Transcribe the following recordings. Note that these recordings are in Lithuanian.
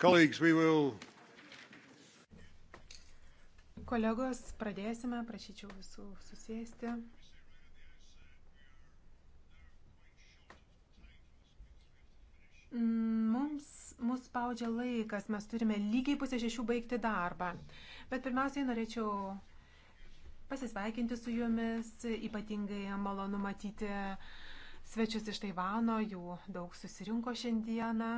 Colleagues, we will... Kolegos, pradėsime, prašyčiau visų susėsti. Mums mus spaudžia laikas, mes turime lygiai pusę šešių baigti darbą. Bet pirmiausiai norėčiau pasisveikinti su jumis, ypatingai malonu matyti svečius iš Taivano, jų daug susirinko šiandieną.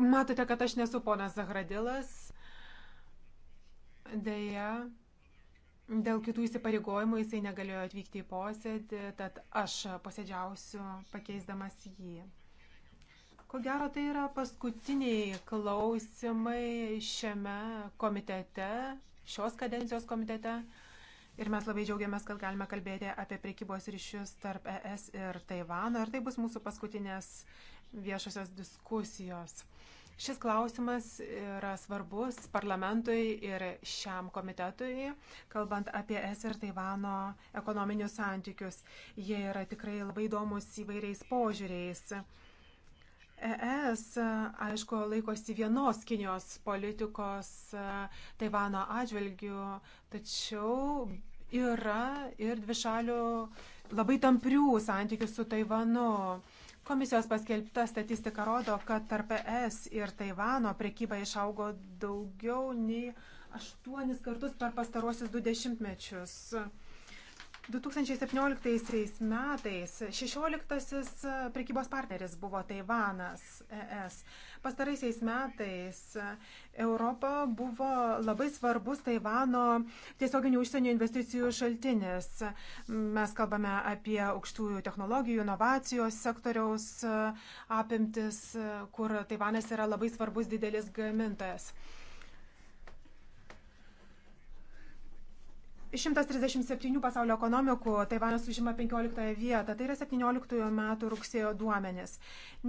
Matote, kad aš nesu ponas Zahradilas. Deja, dėl kitų įsipareigojimų jisai negalėjo atvykti į posėdį, tad aš posėdžiausiu pakeisdamas jį. Ko gero, tai yra paskutiniai klausimai šiame komitete, šios kadencijos komitete. Ir mes labai džiaugiamės, kad galime kalbėti apie priekybos ryšius tarp ES ir Taivano. Ir tai bus mūsų paskutinės viešosios diskusijos. Šis klausimas yra svarbus parlamentui ir šiam komitetui, kalbant apie Es ir Taivano ekonominius santykius. Jie yra tikrai labai įdomus įvairiais požiūriais. E ES, aišku, laikosi vienos Kinijos politikos e, Taivano atžvilgių, tačiau yra ir dvišalių labai tamprių santykių su Taivanu. Komisijos paskelbta statistika rodo, kad tarp ES ir Taivano prekyba išaugo daugiau nei aštuonis kartus per pastaruosius du dešimtmečius. 2017 metais 16 e, prekybos partneris buvo Taivanas ES. Pastaraisiais metais e, Europa buvo labai svarbus Taivano tiesioginių užsienio investicijų šaltinis. Mes kalbame apie aukštųjų technologijų, inovacijos sektoriaus e, apimtis, kur Taivanas yra labai svarbus didelis gamintojas. 137 pasaulio ekonomikų Taivanas užima 15 vietą, tai yra 17 metų rugsėjo duomenis.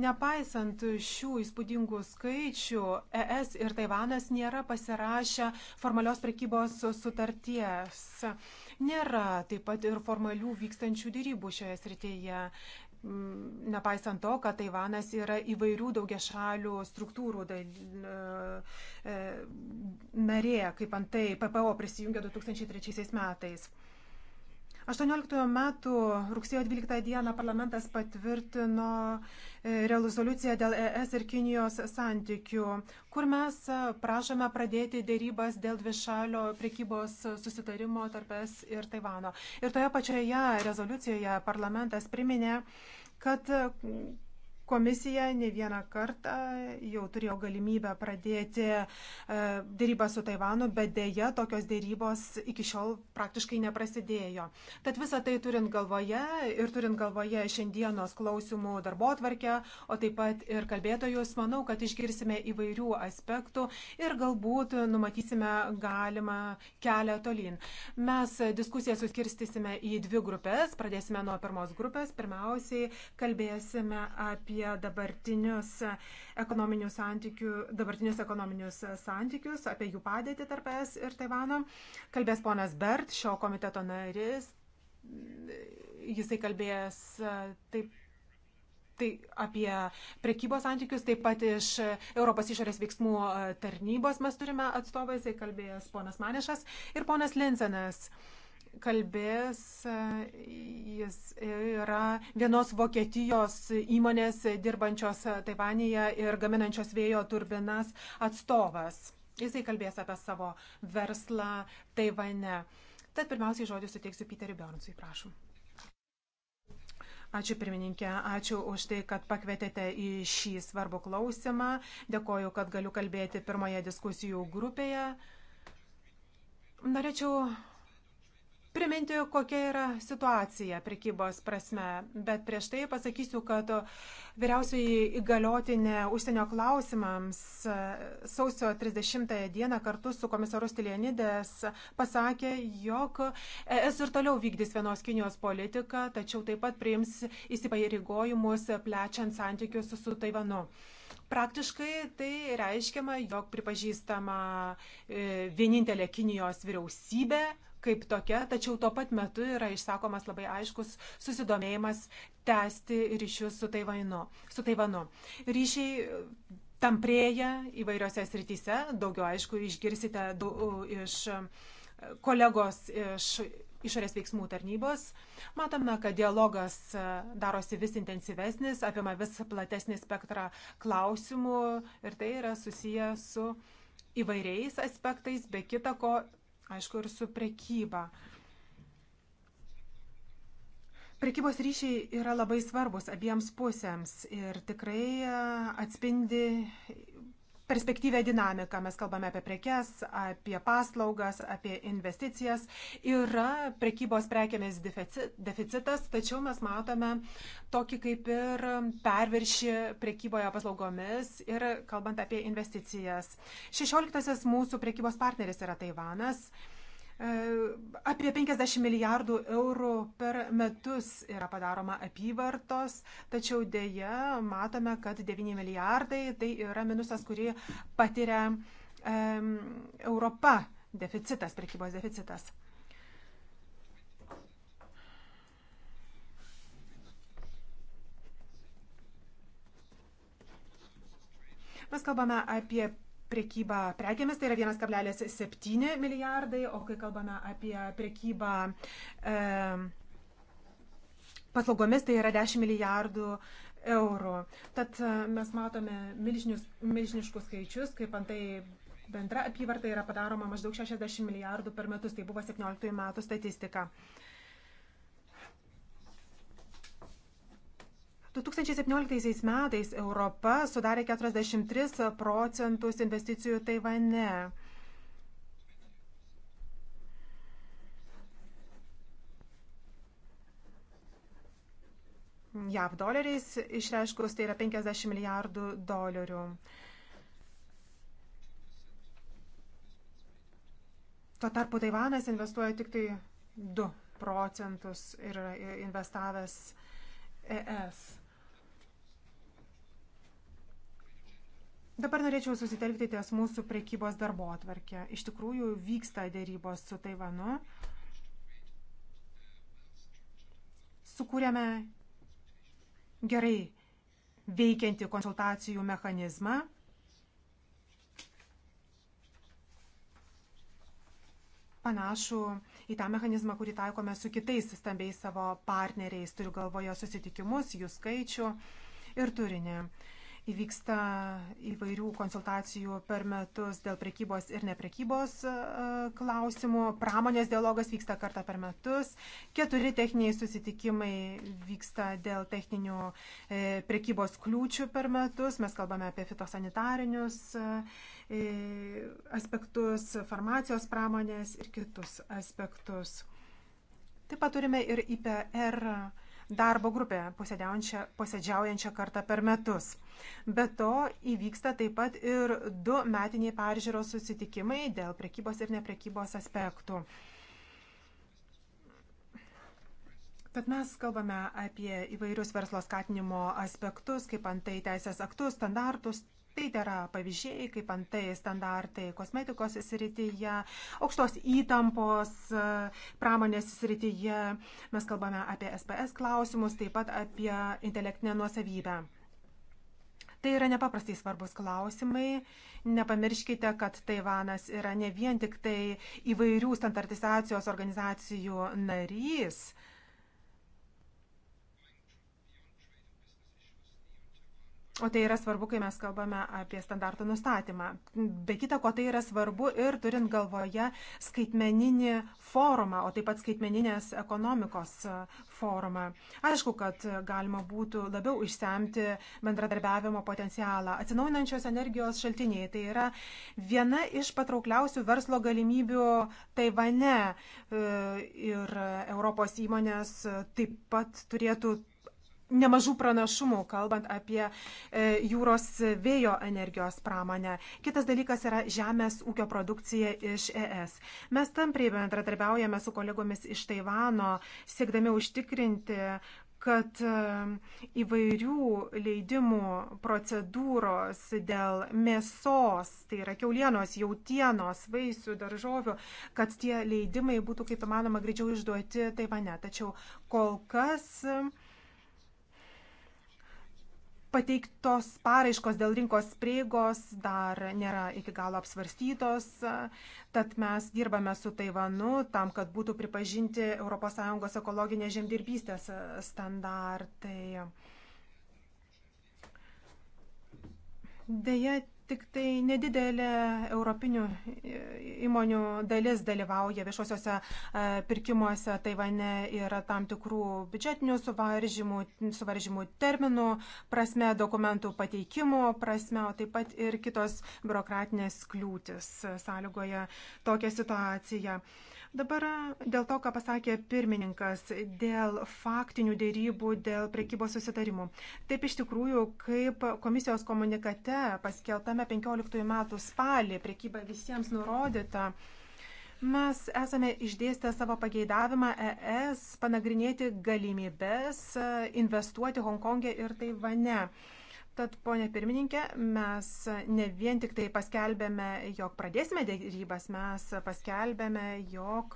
Nepaisant šių įspūdingų skaičių, ES ir Taivanas nėra pasirašę formalios prekybos sutarties. Nėra taip pat ir formalių vykstančių dėrybų šioje srityje. Mm, nepaisant to, kad Taivanas yra įvairių daugiašalių struktūrų dal, e, e narė, kaip antai PPO prisijungė 2003 metais. 18 metų rugsėjo 12 dieną parlamentas patvirtino e, rezoliuciją dėl ES ir Kinijos santykių, kur mes prašome pradėti dėrybas dėl dvišalio prekybos susitarimo tarp ES ir Taivano. Ir toje pačioje rezoliucijoje parlamentas priminė, kad Komisija ne vieną kartą jau turėjo galimybę pradėti e, dėrybą su Taivanu, bet dėja tokios dėrybos iki šiol praktiškai neprasidėjo. Tad visą tai turint galvoje ir turint galvoje šiandienos klausimų darbo atvarkę, o taip pat ir kalbėtojus, manau, kad išgirsime įvairių aspektų ir galbūt numatysime galimą kelią tolyn. Mes diskusiją suskirstysime į dvi grupės. Pradėsime nuo pirmos grupės. Pirmiausiai kalbėsime apie apie dabartinius ekonominius, santykių, dabartinius ekonominius santykius, apie jų padėtį tarp ES ir Taivano. Kalbės ponas Bert, šio komiteto narys. Jisai kalbės e, taip. Tai apie prekybos santykius, taip pat iš Europos išorės veiksmų e, tarnybos mes turime atstovą, jisai kalbėjęs ponas Manišas ir ponas Linsenas. Uh, kalbės, jis yra vienos Vokietijos įmonės dirbančios Taivanėje ir gaminančios vėjo turbinas atstovas. Jisai kalbės apie savo verslą Taivane. Tad pirmiausiai žodį suteiksiu Peteriu Bjornsui, prašom. Ačiū pirmininkė, ačiū už tai, kad pakvietėte į šį svarbų klausimą. Dėkoju, kad galiu kalbėti pirmoje diskusijų grupėje. Norėčiau priminti, kokia yra situacija prekybos prasme, bet prieš tai pasakysiu, kad vyriausiai įgaliotinė užsienio klausimams e, sausio 30 dieną kartu su komisaru Stilienidės pasakė, jog es ir toliau vykdys vienos Kinijos politiką, tačiau taip pat priims įsipareigojimus plečiant santykius su Taivanu. Praktiškai tai reiškiama, jog pripažįstama e, vienintelė Kinijos vyriausybė kaip tokia, tačiau tuo pat metu yra išsakomas labai aiškus susidomėjimas tęsti ryšius su Taivanu. Su Taivanu. Ryšiai e, tamprėja įvairiose srityse, daugiau aišku išgirsite daug, iš e, kolegos iš išorės veiksmų tarnybos. Matome, kad dialogas e, darosi vis intensyvesnis, apima vis platesnį spektrą klausimų ir tai yra susiję su įvairiais aspektais, be kita ko aišku, ir su prekyba. Prekybos ryšiai yra labai svarbus abiems pusėms ir tikrai atspindi perspektyvę dinamiką. Mes kalbame apie prekes, apie paslaugas, apie investicijas. Yra prekybos prekėmis deficitas, tačiau mes matome tokį kaip ir perviršį prekyboje paslaugomis ir kalbant apie investicijas. 16 mūsų prekybos partneris yra Taivanas. Apie 50 milijardų eurų per metus yra padaroma apyvartos, tačiau dėja matome, kad 9 milijardai tai yra minusas, kurį patiria um, Europa deficitas, prekybos deficitas. Mes kalbame apie prekybą prekėmis, tai yra 1,7 milijardai, o kai kalbame apie prekybą e, paslaugomis, tai yra 10 milijardų eurų. Tad e, mes matome milžinius, milžiniškus skaičius, kaip antai bendra apyvarta yra padaroma maždaug 60 milijardų per metus, tai buvo 17 metų statistika. E, 2017 metais Europa sudarė 43 procentus investicijų Taivane. JAV doleriais išreiškus tai yra 50 milijardų dolerių. Tuo tarpu Taivanas investuoja tik tai 2 procentus ir yra investavęs ES. Dabar norėčiau susitelkti ties mūsų prekybos darbo atvarkė. Iš tikrųjų vyksta dėrybos su Taivanu. Sukūrėme gerai veikianti konsultacijų mechanizmą. Panašu į tą mechanizmą, kurį taikome su kitais stambiais savo partneriais. Turiu galvoje susitikimus, jų skaičių ir turinį. Įvyksta įvairių konsultacijų per metus dėl prekybos ir neprekybos e, klausimų. Pramonės dialogas vyksta kartą per metus. Keturi techniniai susitikimai vyksta dėl techninių e, prekybos kliūčių per metus. Mes kalbame apie fitosanitarinius e, aspektus, farmacijos pramonės ir kitus aspektus. Taip pat turime ir IPR darbo grupę posėdžiaujančią kartą per metus. Be to įvyksta taip pat ir du metiniai peržiūros susitikimai dėl prekybos ir neprekybos aspektų. Tad mes kalbame apie įvairius verslo skatinimo aspektus, kaip antai teisės aktus, standartus, Tai yra pavyzdžiai, kaip antai standartai kosmetikos srityje, aukštos įtampos e, pramonės srityje. Mes kalbame apie SPS klausimus, taip pat apie intelektinę nuosavybę. Tai yra nepaprastai svarbus klausimai. Nepamirškite, kad Taivanas yra ne vien tik tai įvairių standartizacijos organizacijų narys, O tai yra svarbu, kai mes kalbame apie standartų nustatymą. Be kita ko, tai yra svarbu ir turint galvoje skaitmeninį forumą, o taip pat skaitmeninės ekonomikos e, forumą. Aišku, kad galima būtų labiau išsemti bendradarbiavimo potencialą. Atsinaujinančios energijos šaltiniai tai yra viena iš patraukliausių verslo galimybių Taivane. E, ir Europos įmonės taip pat turėtų nemažų pranašumų, kalbant apie e, jūros vėjo energijos pramonę. Kitas dalykas yra žemės ūkio produkcija iš ES. Mes tampriai bendradarbiaujame su kolegomis iš Taivano, siekdami užtikrinti kad e, įvairių leidimų procedūros dėl mėsos, tai yra keulienos, jautienos, vaisių, daržovių, kad tie leidimai būtų kaip įmanoma greičiau išduoti Taivane. Tačiau kol kas pateiktos paraiškos dėl rinkos prieigos dar nėra iki galo apsvarstytos, tad mes dirbame su Taivanu tam, kad būtų pripažinti ES ekologinės žemdirbystės standartai. Deja, Tik tai nedidelė europinių e, įmonių dalis dalyvauja viešuosiuose e, pirkimuose Taivane ir tam tikrų biudžetinių suvaržymų, suvaržymų terminų prasme, dokumentų pateikimo prasme, o taip pat ir kitos biurokratinės kliūtis sąlygoja tokią situaciją. Dabar dėl to, ką pasakė pirmininkas, dėl faktinių dėrybų, dėl prekybos susitarimų. Taip iš tikrųjų, kaip komisijos komunikate paskeltame 15 metų spalį prekyba visiems nurodyta. Mes esame išdėstę savo pageidavimą ES panagrinėti galimybės investuoti Hongkongė e ir Taivane. Tad, ponė pirmininkė, mes ne vien tik tai paskelbėme, jog pradėsime dėrybas, mes paskelbėme, jog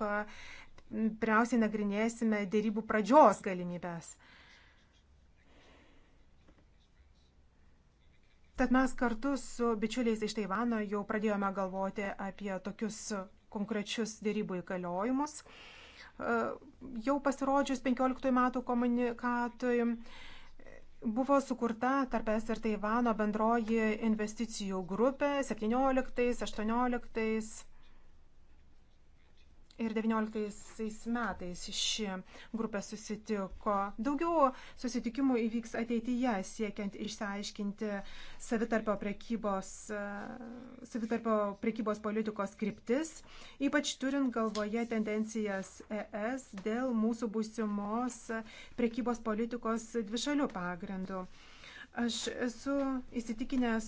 pirmiausiai nagrinėsime dėrybų pradžios galimybės. Tad mes kartu su bičiuliais iš Taivano jau pradėjome galvoti apie tokius konkrečius dėrybų įgaliojimus. Jau pasirodžius 15 metų komunikatui Buvo sukurta tarp es ir Taivano bendroji investicijų grupė 17-18 Ir 19 metais ši grupė susitiko. Daugiau susitikimų įvyks ateityje, siekiant išsiaiškinti savitarpio prekybos, e, savitarpio prekybos politikos kryptis, ypač turint galvoje tendencijas ES dėl mūsų būsimos prekybos politikos dvišalių pagrindų. Aš esu įsitikinęs,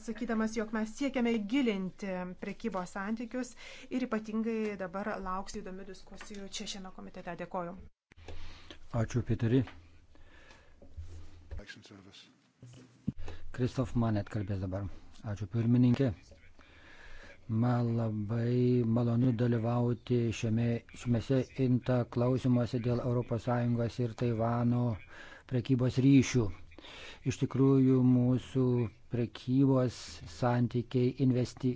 sakydamas, jog mes siekiame gilinti prekybos santykius ir ypatingai dabar lauksiu įdomių diskusijų čia šiame komitete. Dėkoju. Ačiū, Piteri. Kristof Manet kalbės dabar. Ačiū, pirmininkė. Man labai malonu dalyvauti šiame, šiuose inta klausimuose dėl ES ir Taivano prekybos ryšių Iš tikrųjų, mūsų prekybos santykiai investi...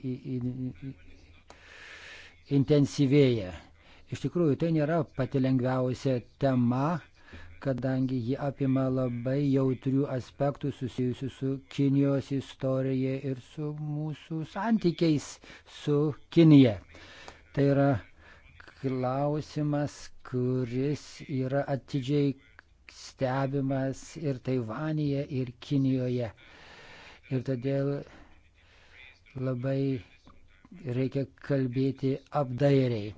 intensyvėja. Iš tikrųjų, tai nėra pati lengviausia tema, kadangi ji apima labai jautrių aspektų susijusių su Kinijos istorija ir su mūsų santykiais su Kinija. Tai yra klausimas, kuris yra atidžiai stebimas ir Taivanyje, ir Kinijoje. Ir todėl labai reikia kalbėti apdairiai.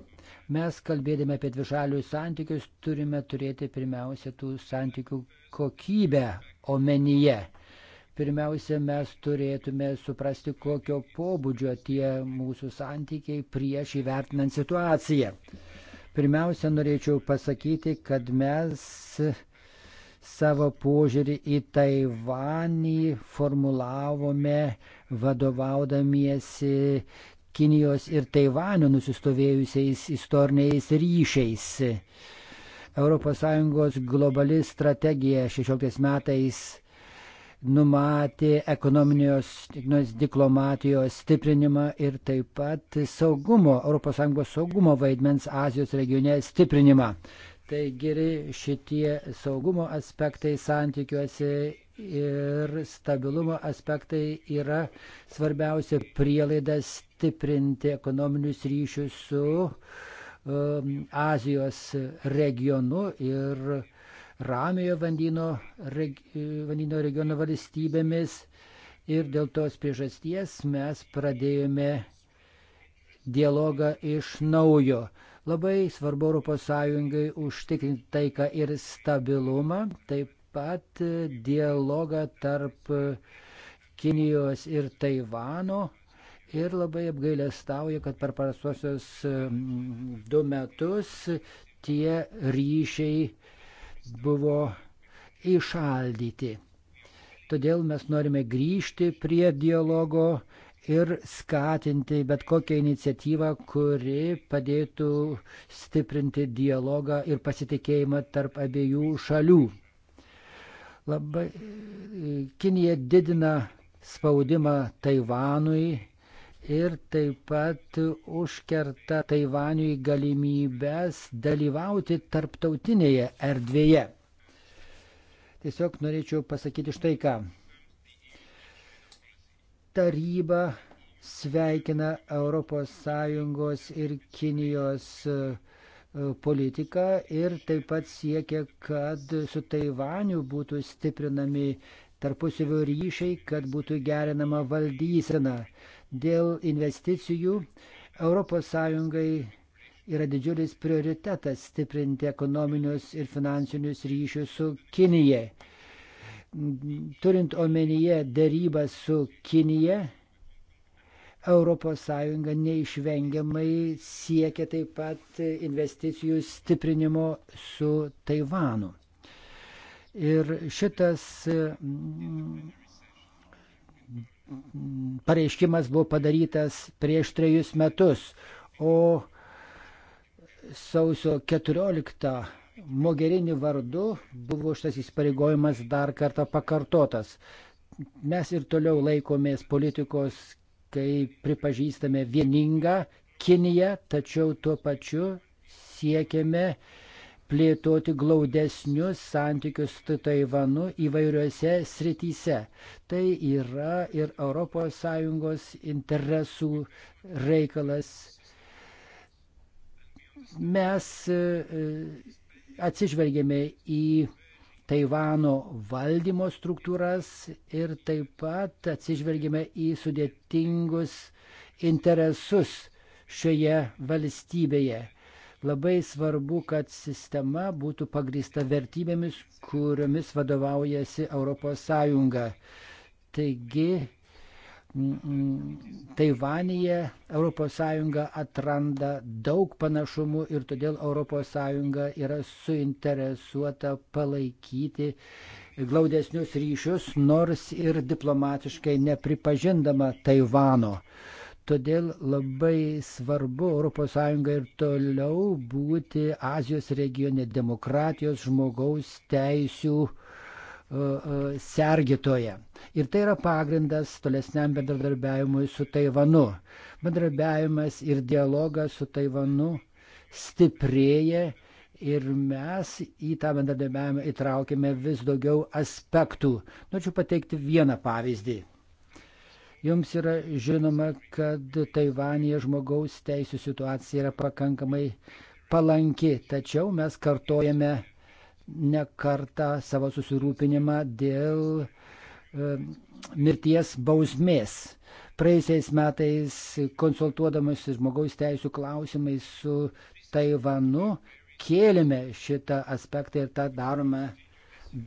Mes kalbėdami apie dvišalius santykius turime turėti pirmiausia tų santykių kokybę omenyje. Pirmiausia, mes turėtume suprasti, kokio pobūdžio tie mūsų santykiai prieš įvertinant situaciją. Pirmiausia, norėčiau pasakyti, kad mes savo požiūrį į Taivanį formulavome vadovaudamiesi Kinijos ir Taivanio nusistovėjusiais istoriniais ryšiais. ES globali strategija 16 metais numatė ekonominės diplomatijos stiprinimą ir taip pat saugumo, ES saugumo vaidmens Azijos regione stiprinimą. Taigi šitie saugumo aspektai santykiuose ir stabilumo aspektai yra svarbiausia prielaida stiprinti ekonominius ryšius su um, Azijos regionu ir Ramiojo vandyno, reg, vandyno regiono valstybėmis. Ir dėl tos priežasties mes pradėjome dialogą iš naujo. Labai svarbu ES užtikrinti taiką ir stabilumą, taip pat dialogą tarp Kinijos ir Taivano. Ir labai apgailestauju, kad per parastosios mm, du metus tie ryšiai buvo įšaldyti. Todėl mes norime grįžti prie dialogo, ir skatinti bet kokią iniciatyvą, kuri padėtų stiprinti dialogą ir pasitikėjimą tarp abiejų šalių. Labai, Kinija didina spaudimą Taivanui ir taip pat užkerta Taivaniui galimybės dalyvauti tarptautinėje erdvėje. Tiesiog norėčiau pasakyti štai ką taryba sveikina ES ir Kinijos e, e, politiką ir taip pat siekia, kad su Taivaniu būtų stiprinami tarpusavio ryšiai, kad būtų gerinama valdysena. Dėl investicijų ES yra didžiulis prioritetas stiprinti ekonominius ir finansinius ryšius su Kinijai turint omenyje dėrybą su Kinija, ES neišvengiamai siekia taip pat investicijų stiprinimo su Taivanu. Ir šitas mm, pareiškimas buvo padarytas prieš trejus metus, o sausio 14 Mogerini vardu buvo šitas įsipareigojimas dar kartą pakartotas. Mes ir toliau laikomės politikos, kai pripažįstame vieningą Kiniją, tačiau tuo pačiu siekiame plėtoti glaudesnius santykius su Taivanu įvairiuose srityse. Tai yra ir ES interesų reikalas. Mes e, e, atsižvelgėme į Taivano valdymo struktūras ir taip pat atsižvelgėme į sudėtingus interesus šioje valstybėje. Labai svarbu, kad sistema būtų pagrįsta vertybėmis, kuriomis vadovaujasi ES. Taigi Taivanyje ES atranda daug panašumų ir todėl ES yra suinteresuota palaikyti glaudesnius ryšius, nors ir diplomatiškai nepripažindama Taivano. Todėl labai svarbu ES ir toliau būti Azijos regione demokratijos žmogaus teisių uh, sergitoje. Ir tai yra pagrindas tolesniam bendradarbiavimui su Taivanu. Bendradarbiavimas ir dialogas su Taivanu stiprėja ir mes į tą bendradarbiavimą įtraukėme vis daugiau aspektų. Norėčiau pateikti vieną pavyzdį. Jums yra žinoma, kad Taivanėje žmogaus teisų situacija yra pakankamai palanki, tačiau mes kartojame nekartą savo susirūpinimą dėl e, mirties bausmės. Praėjusiais metais konsultuodamas žmogaus teisų klausimais su Taivanu kėlėme šitą aspektą ir tą darome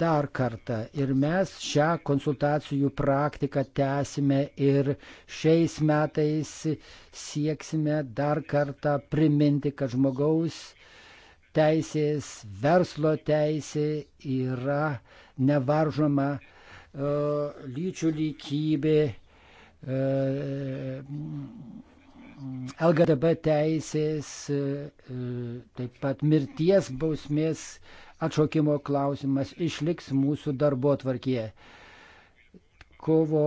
dar kartą. Ir mes šią konsultacijų praktiką tęsime ir šiais metais sieksime dar kartą priminti, kad žmogaus teisės, verslo teisė yra nevaržoma e, lyčių lygybė, e, LGDB teisės, e, taip pat mirties bausmės atšaukimo klausimas išliks mūsų darbo atvarkėje. Kovo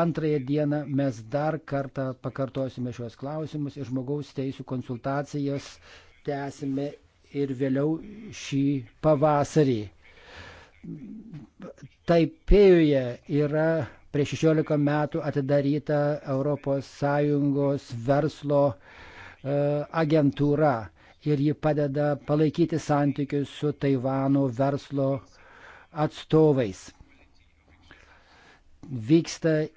antrąją dieną mes dar kartą pakartosime šios klausimus ir žmogaus teisų konsultacijas tęsime ir vėliau šį pavasarį. Taipėjoje yra prieš 16 metų atidaryta ES verslo e, agentūra ir ji padeda palaikyti santykius su Taivano verslo atstovais. Vyksta e,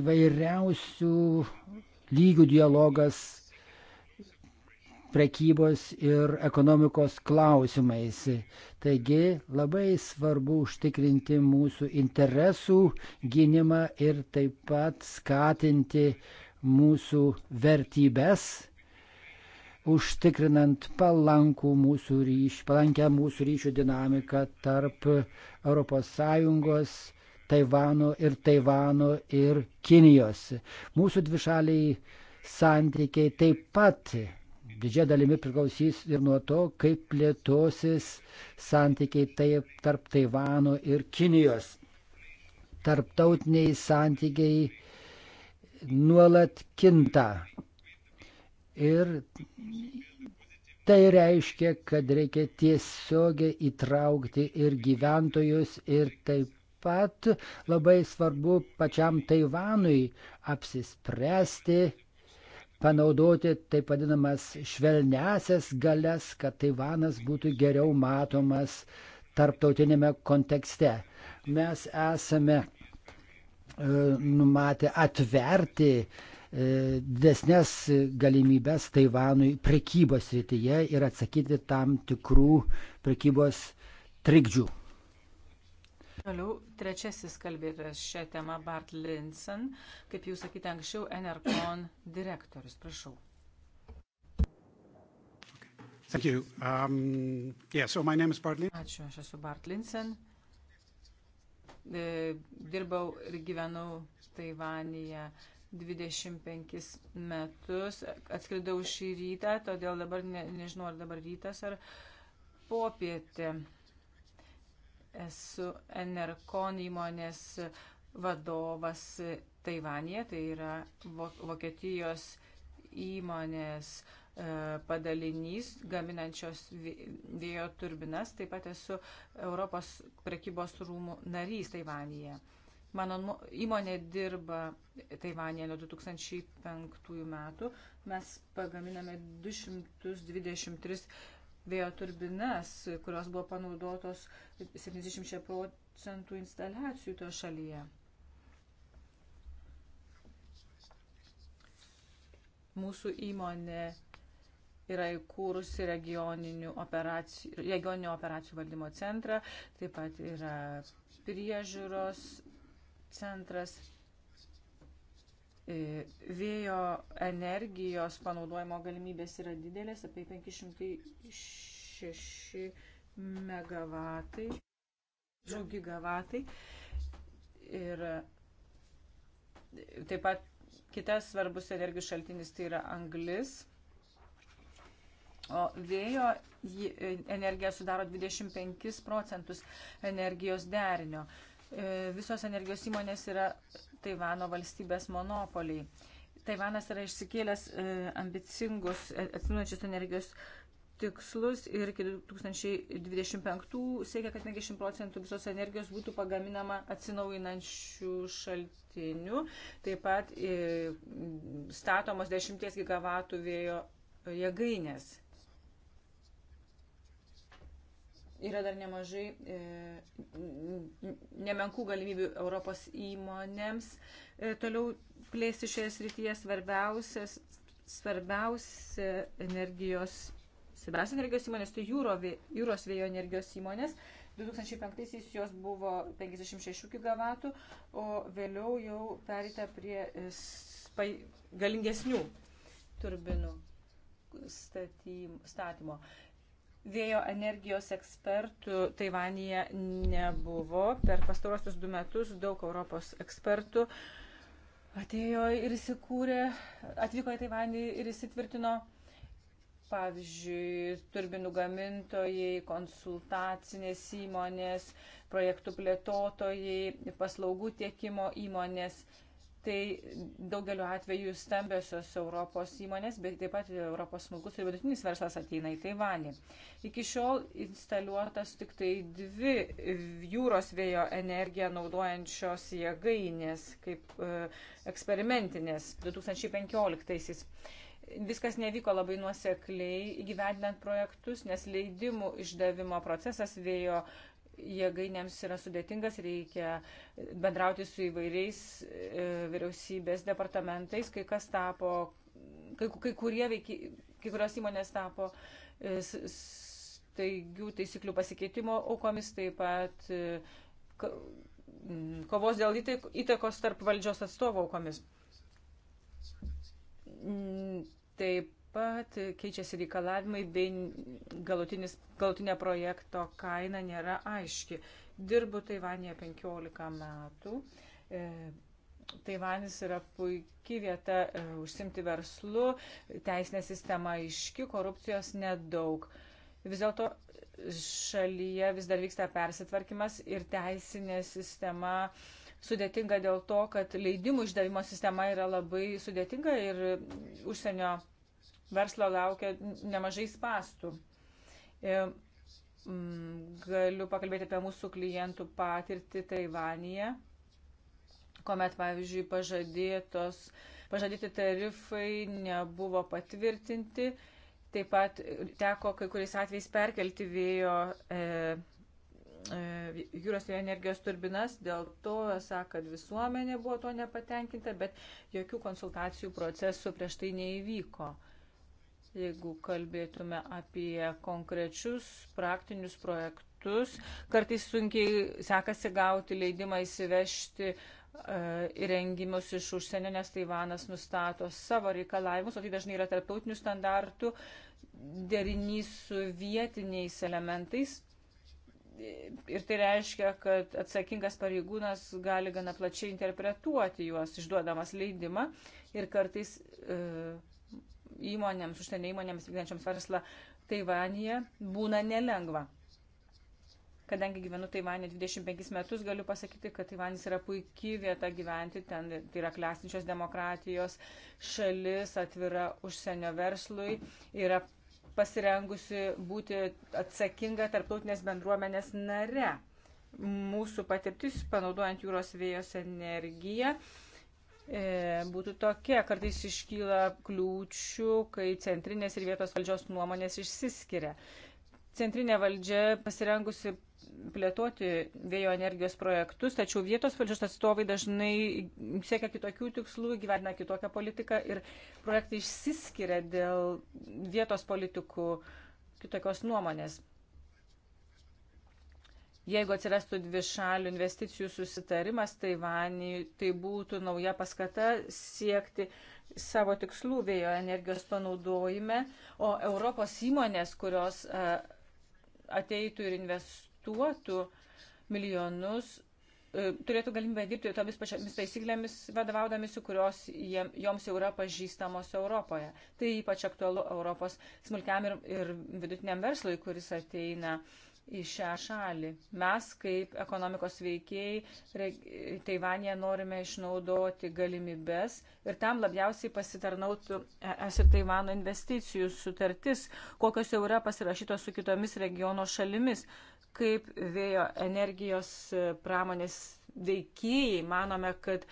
įvairiausių lygių dialogas prekybos ir ekonomikos klausimais. Taigi labai svarbu užtikrinti mūsų interesų gynimą ir taip pat skatinti mūsų vertybės, užtikrinant palankų mūsų ryš, palankę mūsų ryšių dinamiką tarp ES Taivano ir Taivano ir Kinijos. Mūsų dvišaliai santykiai taip pat didžia dalimi priklausys ir nuo to, kaip plėtosis santykiai taip, tarp Taivano ir Kinijos. Tarptautiniai santykiai nuolat kinta. Ir tai reiškia, kad reikia tiesiogiai įtraukti ir gyventojus, ir taip pat labai svarbu pačiam Taivanui apsispręsti panaudoti taip vadinamas švelniasias galės, kad Taivanas būtų geriau matomas tarptautinėme kontekste. Mes esame e, numatę atverti e, didesnės galimybės Taivanui prekybos rytyje ir atsakyti tam tikrų prekybos trikdžių. Toliau trečiasis kalbėtojas šią temą Bart Linsen, kaip jūs sakėte anksčiau, Enercon direktorius. Prašau. Um, yeah, so Ačiū, aš esu Bart Linsen. E, dirbau ir gyvenau Taivanyje 25 metus. Atskridau šį rytą, todėl dabar ne, nežinau, ar dabar rytas ar popietė. Esu Enerkon įmonės vadovas Taivanėje, tai yra Vokietijos įmonės e, padalinys gaminančios vėjo turbinas. Taip pat esu Europos prekybos rūmų narys Taivanėje. Mano įmonė dirba Taivanėje nuo 2005 metų. Mes pagaminame 223 vėjo turbinas, kurios buvo panaudotos 70 procentų instaliacijų toje šalyje. Mūsų įmonė yra įkūrusi regioninių operacijų, regioninių operacijų valdymo centrą, taip pat yra priežiūros centras E, vėjo energijos panaudojimo galimybės yra didelės, apie 506 megavatai, gigavatai. Ir taip pat kitas svarbus energijos šaltinis tai yra anglis. O vėjo energija sudaro 25 procentus energijos derinio. E, E, visos energijos įmonės yra Taivano valstybės monopoliai. Taivanas yra išsikėlęs e, ambicingus e, atsinaujinančios energijos tikslus ir iki 2025 siekia, kad 50 procentų visos energijos būtų pagaminama atsinaujinančių šaltinių. Taip pat statomos 10 gigavatų vėjo jėgainės. yra dar nemažai e, nemenkų galimybių Europos įmonėms e, toliau plėsti šioje srityje svarbiausias, svarbiausia energijos. Svarbiausia energijos įmonės tai jūro, jūros vėjo energijos įmonės. 2005-aisiais jos buvo 56 GW, o vėliau jau perita prie e, spai, galingesnių turbinų statymo. Vėjo energijos ekspertų Taivanėje nebuvo. Per pastarosius du metus daug Europos ekspertų atėjo ir įsikūrė, atvyko į Taivanį ir įsitvirtino pavyzdžiui, turbinų gamintojai, konsultacinės įmonės, projektų plėtotojai, paslaugų tiekimo įmonės. Tai daugeliu atveju stambiosios Europos įmonės, bet taip pat Europos smulkus ir vidutinis verslas ateina į Taivanį. Iki šiol instaliuotas tik tai dvi jūros vėjo energiją naudojančios jėgainės, kaip e, eksperimentinės 2015-aisiais viskas nevyko labai nuosekliai įgyvendinant projektus, nes leidimų išdavimo procesas vėjo jėgainėms yra sudėtingas, reikia bendrauti su įvairiais e, vyriausybės departamentais, kai kas tapo, kai, kai, kurie veiki, kai kurios įmonės tapo e, staigių taisyklių pasikeitimo aukomis, taip pat e, kovos dėl įtakos tarp valdžios atstovų aukomis. Taip pat keičiasi reikalavimai bei galutinė projekto kaina nėra aiški. Dirbu Taivanėje 15 metų. E, Taivanis yra puikia vieta e, užsimti verslu, teisinė sistema aiški, korupcijos nedaug. Vis dėlto šalyje vis dar vyksta persitvarkymas ir teisinė sistema sudėtinga dėl to, kad leidimų išdavimo sistema yra labai sudėtinga ir užsienio verslo laukia nemažai spastų. E, galiu pakalbėti apie mūsų klientų patirtį Taivanyje, kuomet, pavyzdžiui, pažadėtos, pažadėti tarifai nebuvo patvirtinti. Taip pat teko kai kuriais atvejais perkelti vėjo e, e jūros energijos turbinas, dėl to sako, kad visuomenė buvo to nepatenkinta, bet jokių konsultacijų procesų prieš tai neįvyko jeigu kalbėtume apie konkrečius praktinius projektus, kartais sunkiai sekasi gauti leidimą įsivežti e, įrengimus iš užsienio, nes Taivanas nustato savo reikalavimus, o tai dažnai yra tarptautinių standartų derinys su vietiniais elementais. Ir tai reiškia, kad atsakingas pareigūnas gali gana plačiai interpretuoti juos, išduodamas leidimą ir kartais e, įmonėms, užsienio įmonėms vykdančioms verslą Taivanėje būna nelengva. Kadangi gyvenu Taivanė 25 metus, galiu pasakyti, kad Taivanis yra puikia vieta gyventi, ten tai yra klestinčios demokratijos šalis, atvira užsienio verslui, yra pasirengusi būti atsakinga tarptautinės bendruomenės nare. Mūsų patirtis, panaudojant jūros vėjos energiją, uh, E, būtų tokia. Kartais iškyla kliūčių, kai centrinės ir vietos valdžios nuomonės išsiskiria. Centrinė valdžia pasirengusi plėtoti vėjo energijos projektus, tačiau vietos valdžios atstovai dažnai siekia kitokių tikslų, gyvena kitokią politiką ir projektai išsiskiria dėl vietos politikų kitokios nuomonės. Jeigu atsirastų dvišalių investicijų susitarimas Taivaniai, tai būtų nauja paskata siekti savo tikslų vėjo energijos panaudojime, o Europos įmonės, kurios e, ateitų ir investuotų milijonus, e, turėtų galimybę dirbti tomis pačiamis taisyklėmis, vadovaudamis, kurios jie, joms jau yra pažįstamos Europoje. Tai ypač aktualu Europos smulkiam ir, ir vidutiniam verslui, kuris ateina uh, į šią šalį. Mes, kaip ekonomikos veikėjai, Taivanėje norime išnaudoti galimybes ir tam labiausiai pasitarnautų ES ir Taivano investicijų sutartis, kokios jau yra pasirašytos su kitomis regiono šalimis. Kaip vėjo energijos pramonės veikėjai, manome, kad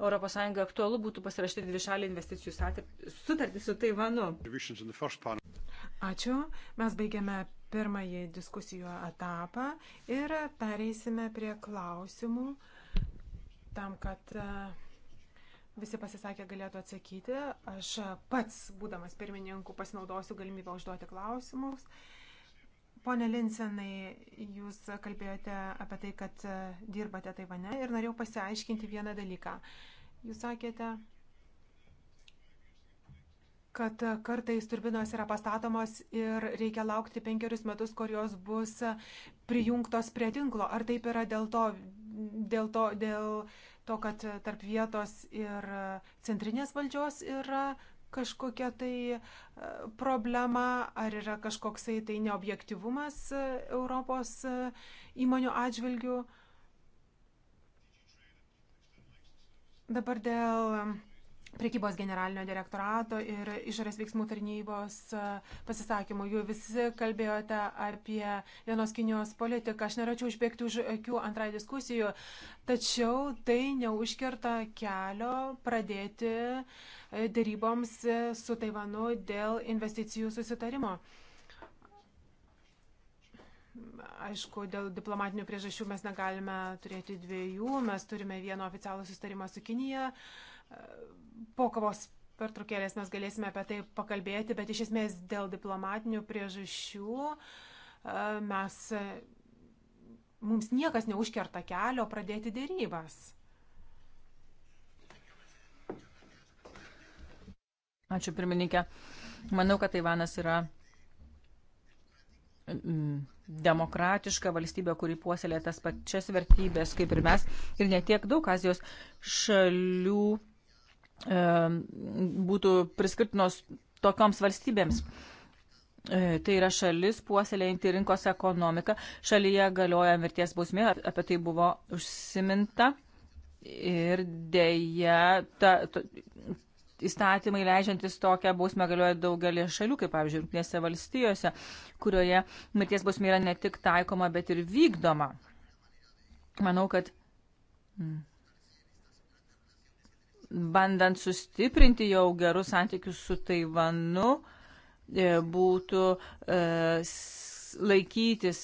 ES aktualu būtų pasirašyti dvišalį investicijų sutartį su Taivanu. Ačiū. Mes baigiame pirmąjį diskusijų etapą ir pereisime prie klausimų tam, kad e, visi pasisakė galėtų atsakyti. Aš pats, būdamas pirmininku, pasinaudosiu galimybę užduoti klausimus. Pone Linsenai, jūs kalbėjote apie tai, kad e, dirbate Taivane ir norėjau pasiaiškinti vieną dalyką. Jūs sakėte, kad kartais turbinos yra pastatomos ir reikia laukti penkerius metus, kol jos bus prijungtos prie tinklo. Ar taip yra dėl to, dėl to, dėl to kad tarp vietos ir centrinės valdžios yra kažkokia tai e, problema, ar yra kažkoksai tai neobjektivumas e, Europos e, įmonių atžvilgių? Dabar dėl prekybos generalinio direktorato ir išorės veiksmų tarnybos e, pasisakymų. Jų visi kalbėjote apie vienos Kinijos politiką. Aš norėčiau užbėgti už akių antrąją diskusijų, tačiau tai neužkirta kelio pradėti e, dėryboms e, su Taivanu dėl investicijų susitarimo. Aišku, dėl diplomatinių priežasčių mes negalime turėti dviejų, mes turime vieną oficialų susitarimą su Kinija po kovos pertraukėlės mes galėsime apie tai pakalbėti, bet iš esmės dėl diplomatinių priežasčių e, mes, e, mums niekas neužkerta kelio pradėti dėrybas. Ačiū pirmininkė. Manau, kad Taivanas yra mm, demokratiška valstybė, kuri puoselė tas pačias vertybės kaip ir mes ir netiek daug Azijos šalių E, būtų priskirtinos tokioms valstybėms. E, tai yra šalis puoselėjantį rinkos ekonomiką. Šalyje galioja mirties bausmė, apie tai buvo užsiminta. Ir dėja, ta, ta, įstatymai leidžiantis tokią bausmę galioja daugelį šalių, kaip pavyzdžiui, Junktinėse valstijose, kurioje mirties bausmė yra ne tik taikoma, bet ir vykdoma. Manau, kad. Mm bandant sustiprinti jau gerus santykius su Taivanu, e, būtų e, laikytis,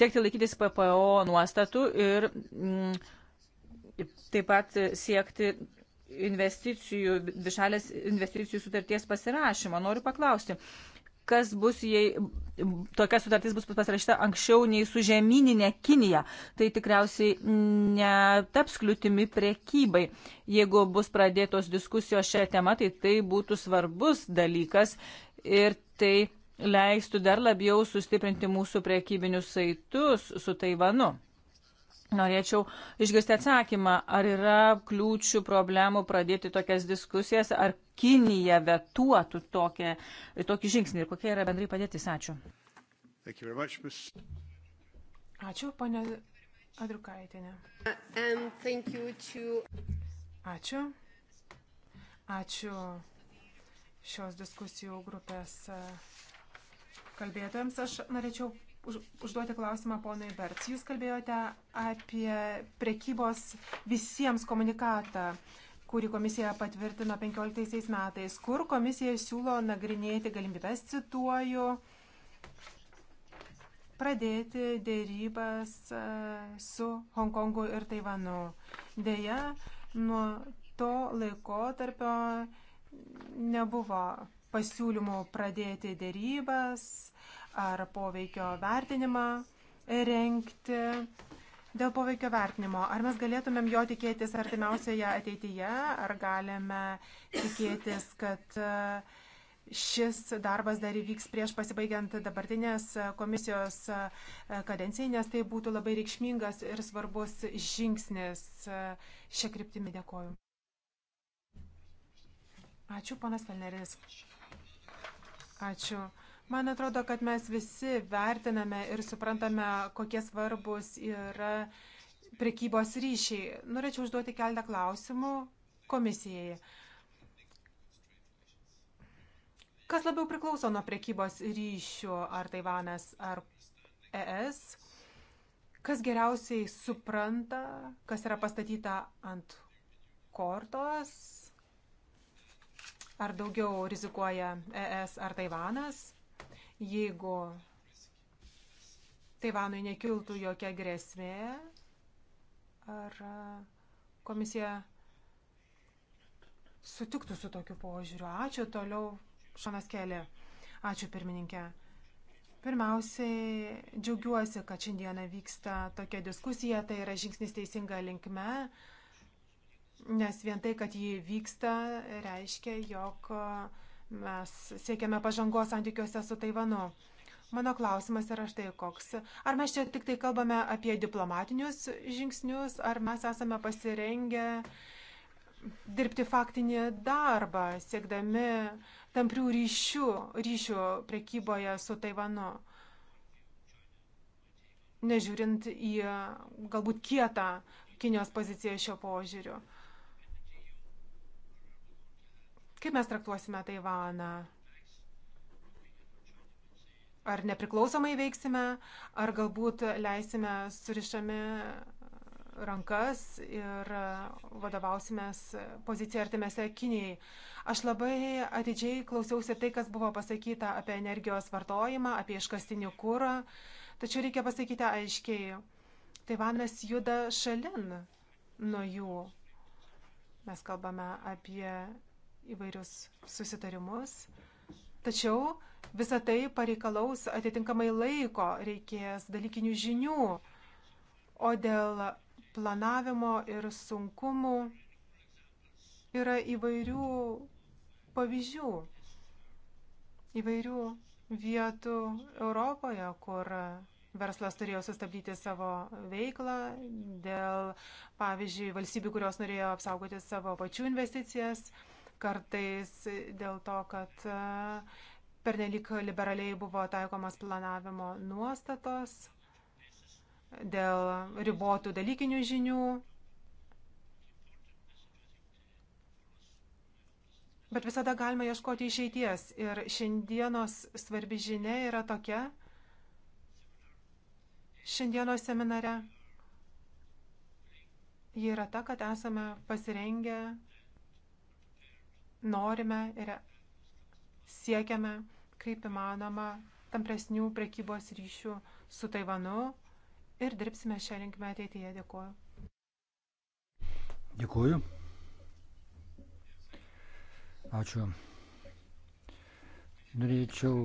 siekti laikytis PPO nuostatų ir mm, taip pat siekti investicijų, dvišalės investicijų sutarties pasirašymą. Noriu paklausti, kas bus, jei tokia sutartis bus pasirašyta anksčiau nei su žemyninė Kinija. Tai tikriausiai netaps kliūtimi priekybai. Jeigu bus pradėtos diskusijos šią temą, tai tai būtų svarbus dalykas ir tai leistų dar labiau sustiprinti mūsų priekybinius saitus su Taivanu. Norėčiau išgirsti atsakymą, ar yra kliūčių problemų pradėti tokias diskusijas, ar Kinija vetuotų tokią, tokį žingsnį ir kokia yra bendrai padėtis. Ačiū. Much, miss... Ačiū, ponė Adrukaitinė. To... Ačiū. Ačiū šios diskusijų grupės e, kalbėtojams. Aš norėčiau už, užduoti klausimą ponui Berts. Jūs kalbėjote apie prekybos visiems komunikatą kurį komisija patvirtino 15 metais, kur komisija siūlo nagrinėti galimybės, cituoju, pradėti dėrybas e, su Hongkongu ir Taivanu. Deja, nuo to laiko tarpio nebuvo pasiūlymų pradėti dėrybas ar poveikio vertinimą renkti. Dėl poveikio vertinimo, ar mes galėtumėm jo tikėtis artimiausioje ateityje, ar galime tikėtis, kad e, šis darbas dar įvyks prieš pasibaigiant dabartinės komisijos e, kadencijai, nes tai būtų labai reikšmingas ir svarbus žingsnis e, šią kryptimį. Dėkoju. Ačiū, ponas Felneris. Ačiū. Man atrodo, kad mes visi vertiname ir suprantame, kokie svarbus yra prekybos ryšiai. Norėčiau užduoti keletą klausimų komisijai. Kas labiau priklauso nuo prekybos ryšių, ar Taivanas, ar ES? Kas geriausiai supranta, kas yra pastatyta ant kortos? Ar daugiau rizikuoja ES ar Taivanas? Jeigu Taivanui nekiltų jokia grėsmė, ar komisija sutiktų su tokiu požiūriu. Ačiū toliau, Šonas Kelė. Ačiū pirmininkė. Pirmiausiai džiaugiuosi, kad šiandieną vyksta tokia diskusija, tai yra žingsnis teisinga linkme, nes vien tai, kad ji vyksta, reiškia, jog uh, Mes siekiame pažangos santykiuose su Taivanu. Mano klausimas yra štai koks. Ar mes čia tik tai kalbame apie diplomatinius žingsnius, ar mes esame pasirengę dirbti faktinį darbą, siekdami tamprių ryšių, ryšių prekyboje su Taivanu, nežiūrint į galbūt kietą Kinijos poziciją šio požiūriu. Kaip mes traktuosime Taivaną? Ar nepriklausomai veiksime, ar galbūt leisime surišami rankas ir vadovausimės poziciją artimėse Kinijai. Aš labai atidžiai klausiausi tai, kas buvo pasakyta apie energijos vartojimą, apie iškastinį kūrą, tačiau reikia pasakyti aiškiai, Taivanas juda šalin nuo jų. Mes kalbame apie įvairius susitarimus. Tačiau visa tai pareikalaus atitinkamai laiko, reikės dalykinių žinių. O dėl planavimo ir sunkumų yra įvairių pavyzdžių, įvairių vietų Europoje, kur verslas turėjo sustabdyti savo veiklą dėl, pavyzdžiui, valstybių, kurios norėjo apsaugoti savo pačių investicijas kartais dėl to, kad e, pernelik liberaliai buvo taikomas planavimo nuostatos, dėl ribotų dalykinių žinių. Bet visada galima ieškoti išeities. Ir šiandienos svarbi žinia yra tokia. Šiandienos seminare ji yra ta, kad esame pasirengę norime ir siekiame, kaip įmanoma, tampresnių prekybos ryšių su Taivanu ir dirbsime šią linkmę ateityje. Dėkuoju. Dėkuoju. Ačiū. Norėčiau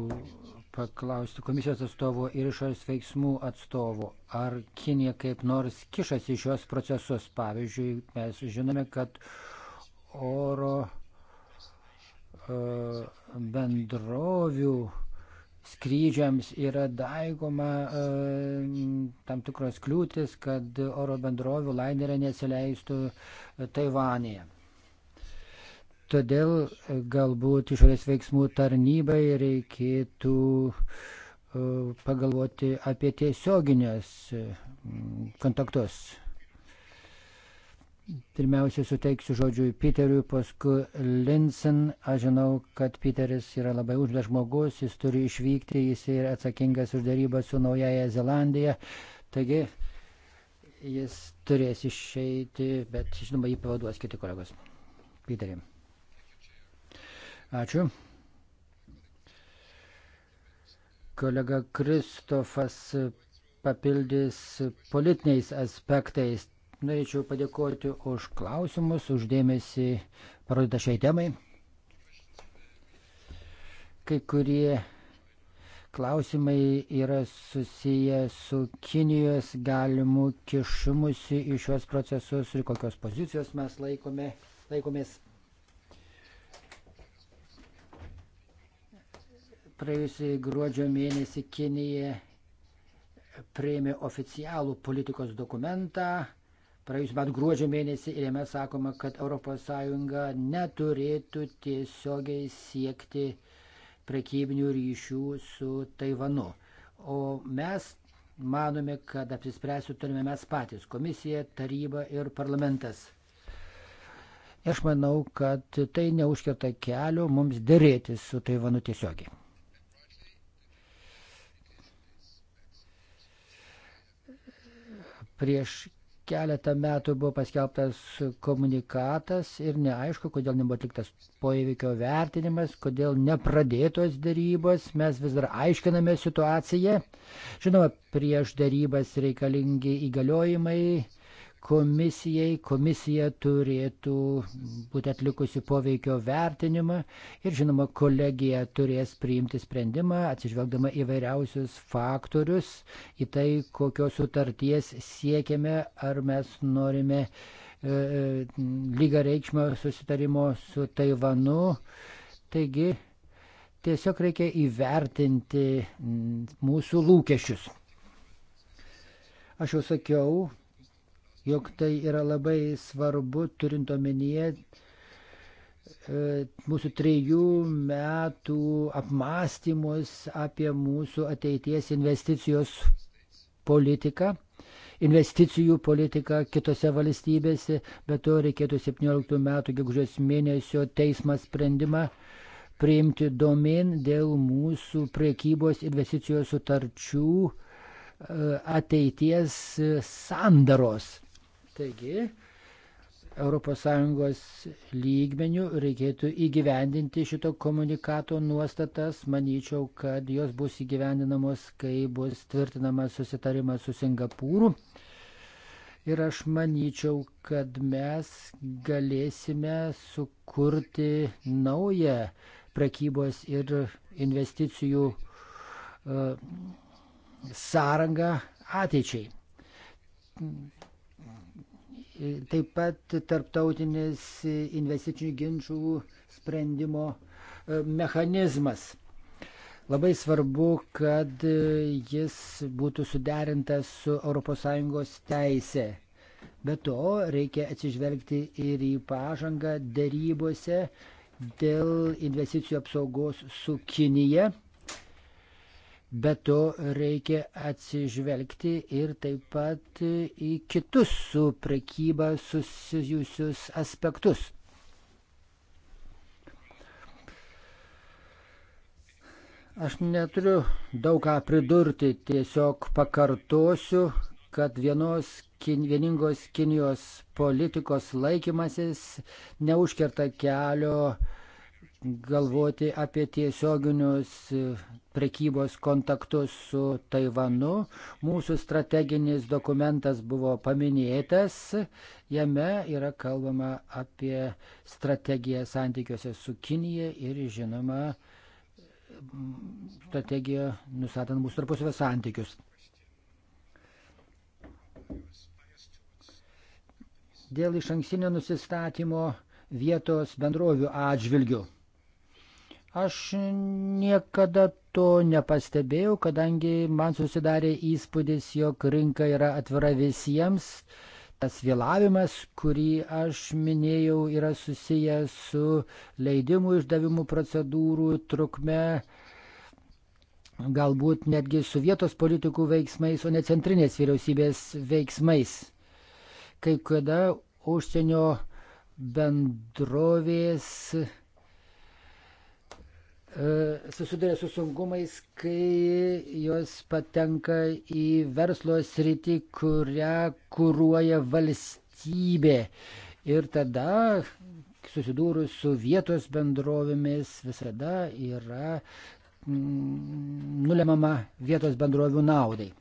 paklausti komisijos atstovo ir išorės veiksmų atstovo, ar Kinė kaip nors kišasi į šios procesus. Pavyzdžiui, mes žinome, kad oro E, bendrovių skrydžiams yra daigoma e, tam tikros kliūtis, kad oro bendrovių lainerė nesileistų e, Taivanėje. Todėl galbūt išorės veiksmų tarnybai reikėtų pagalvoti apie tiesioginius kontaktus Pirmiausia, suteiksiu žodžiui Piteriui, paskui Linsen. Aš žinau, kad Piteris yra labai uždas žmogus, jis turi išvykti, jis yra atsakingas už darybą su Naujaja Zelandija. Taigi, jis turės išeiti, bet žinoma, jį pavaduos kiti kolegos. Piterį. Ačiū. Kolega Kristofas papildys politiniais aspektais Norėčiau padėkoti už klausimus, uždėmesį parodytą šiai temai. Kai kurie klausimai yra susiję su Kinijos galimu kišimusi į šios procesus ir kokios pozicijos mes laikome, laikomės. Praėjusį gruodžio mėnesį Kinija prieimė oficialų politikos dokumentą praėjusiu metu gruodžio mėnesį ir jame sakoma, kad ES neturėtų tiesiogiai siekti prekybinių ryšių su Taivanu. O mes manome, kad apsispręsiu turime mes patys - komisija, taryba ir parlamentas. Aš manau, kad tai neužkerta kelio mums dėrėtis su Taivanu tiesiogiai. prieš keletą metų buvo paskelbtas komunikatas ir neaišku, kodėl nebuvo atliktas poveikio vertinimas, kodėl nepradėtos darybos, mes vis dar aiškiname situaciją. Žinoma, prieš darybas reikalingi įgaliojimai, komisijai. Komisija turėtų būti atlikusi poveikio vertinimą ir žinoma, kolegija turės priimti sprendimą atsižvelgdama įvairiausius faktorius į tai, kokios sutarties siekiame, ar mes norime e, e lyga reikšmio susitarimo su Taivanu. Taigi, tiesiog reikia įvertinti mūsų lūkesčius. Aš jau sakiau, jog tai yra labai svarbu turint omenyje e, mūsų trejų metų apmąstymus apie mūsų ateities investicijos politiką, investicijų politiką kitose valstybėse, bet to reikėtų 17 metų gegužės mėnesio teismas sprendimą priimti domin dėl mūsų priekybos investicijos sutarčių e, ateities sandaros. Taigi, ES lygmenių reikėtų įgyvendinti šito komunikato nuostatas. Manyčiau, kad jos bus įgyvendinamos, kai bus tvirtinamas susitarimas su Singapūru. Ir aš manyčiau, kad mes galėsime sukurti naują prekybos ir investicijų uh, sąrangą ateičiai Taip pat tarptautinis investicinių ginčių sprendimo e, mechanizmas. Labai svarbu, kad jis būtų suderintas su ES teisė. Be to, reikia atsižvelgti ir į pažangą dėrybose dėl investicijų apsaugos su Kinija. Bet to reikia atsižvelgti ir taip pat į kitus su prekyba susijusius aspektus. Aš neturiu daug ką pridurti, tiesiog pakartosiu, kad vienos kin, vieningos Kinijos politikos laikymasis neužkerta kelio uh, galvoti apie tiesioginius e, prekybos kontaktus su Taivanu. Mūsų strateginis dokumentas buvo paminėtas, jame yra kalbama apie strategiją santykiuose su Kinija ir žinoma strategiją nusatant mūsų tarpusavio santykius. Dėl iš ankstinio nusistatymo vietos bendrovių atžvilgių. Aš niekada to nepastebėjau, kadangi man susidarė įspūdis, jog rinka yra atvira visiems. Tas vėlavimas, kurį aš minėjau, yra susijęs su leidimų išdavimų procedūrų trukme, galbūt netgi su vietos politikų veiksmais, o ne centrinės vyriausybės veiksmais. Kai kada užsienio bendrovės E, susiduria su sunkumais, kai jos patenka į verslo sritį, kurią kūruoja valstybė. Ir tada, susidūrus su vietos bendrovėmis, visada yra mm, nulemama vietos bendrovių naudai.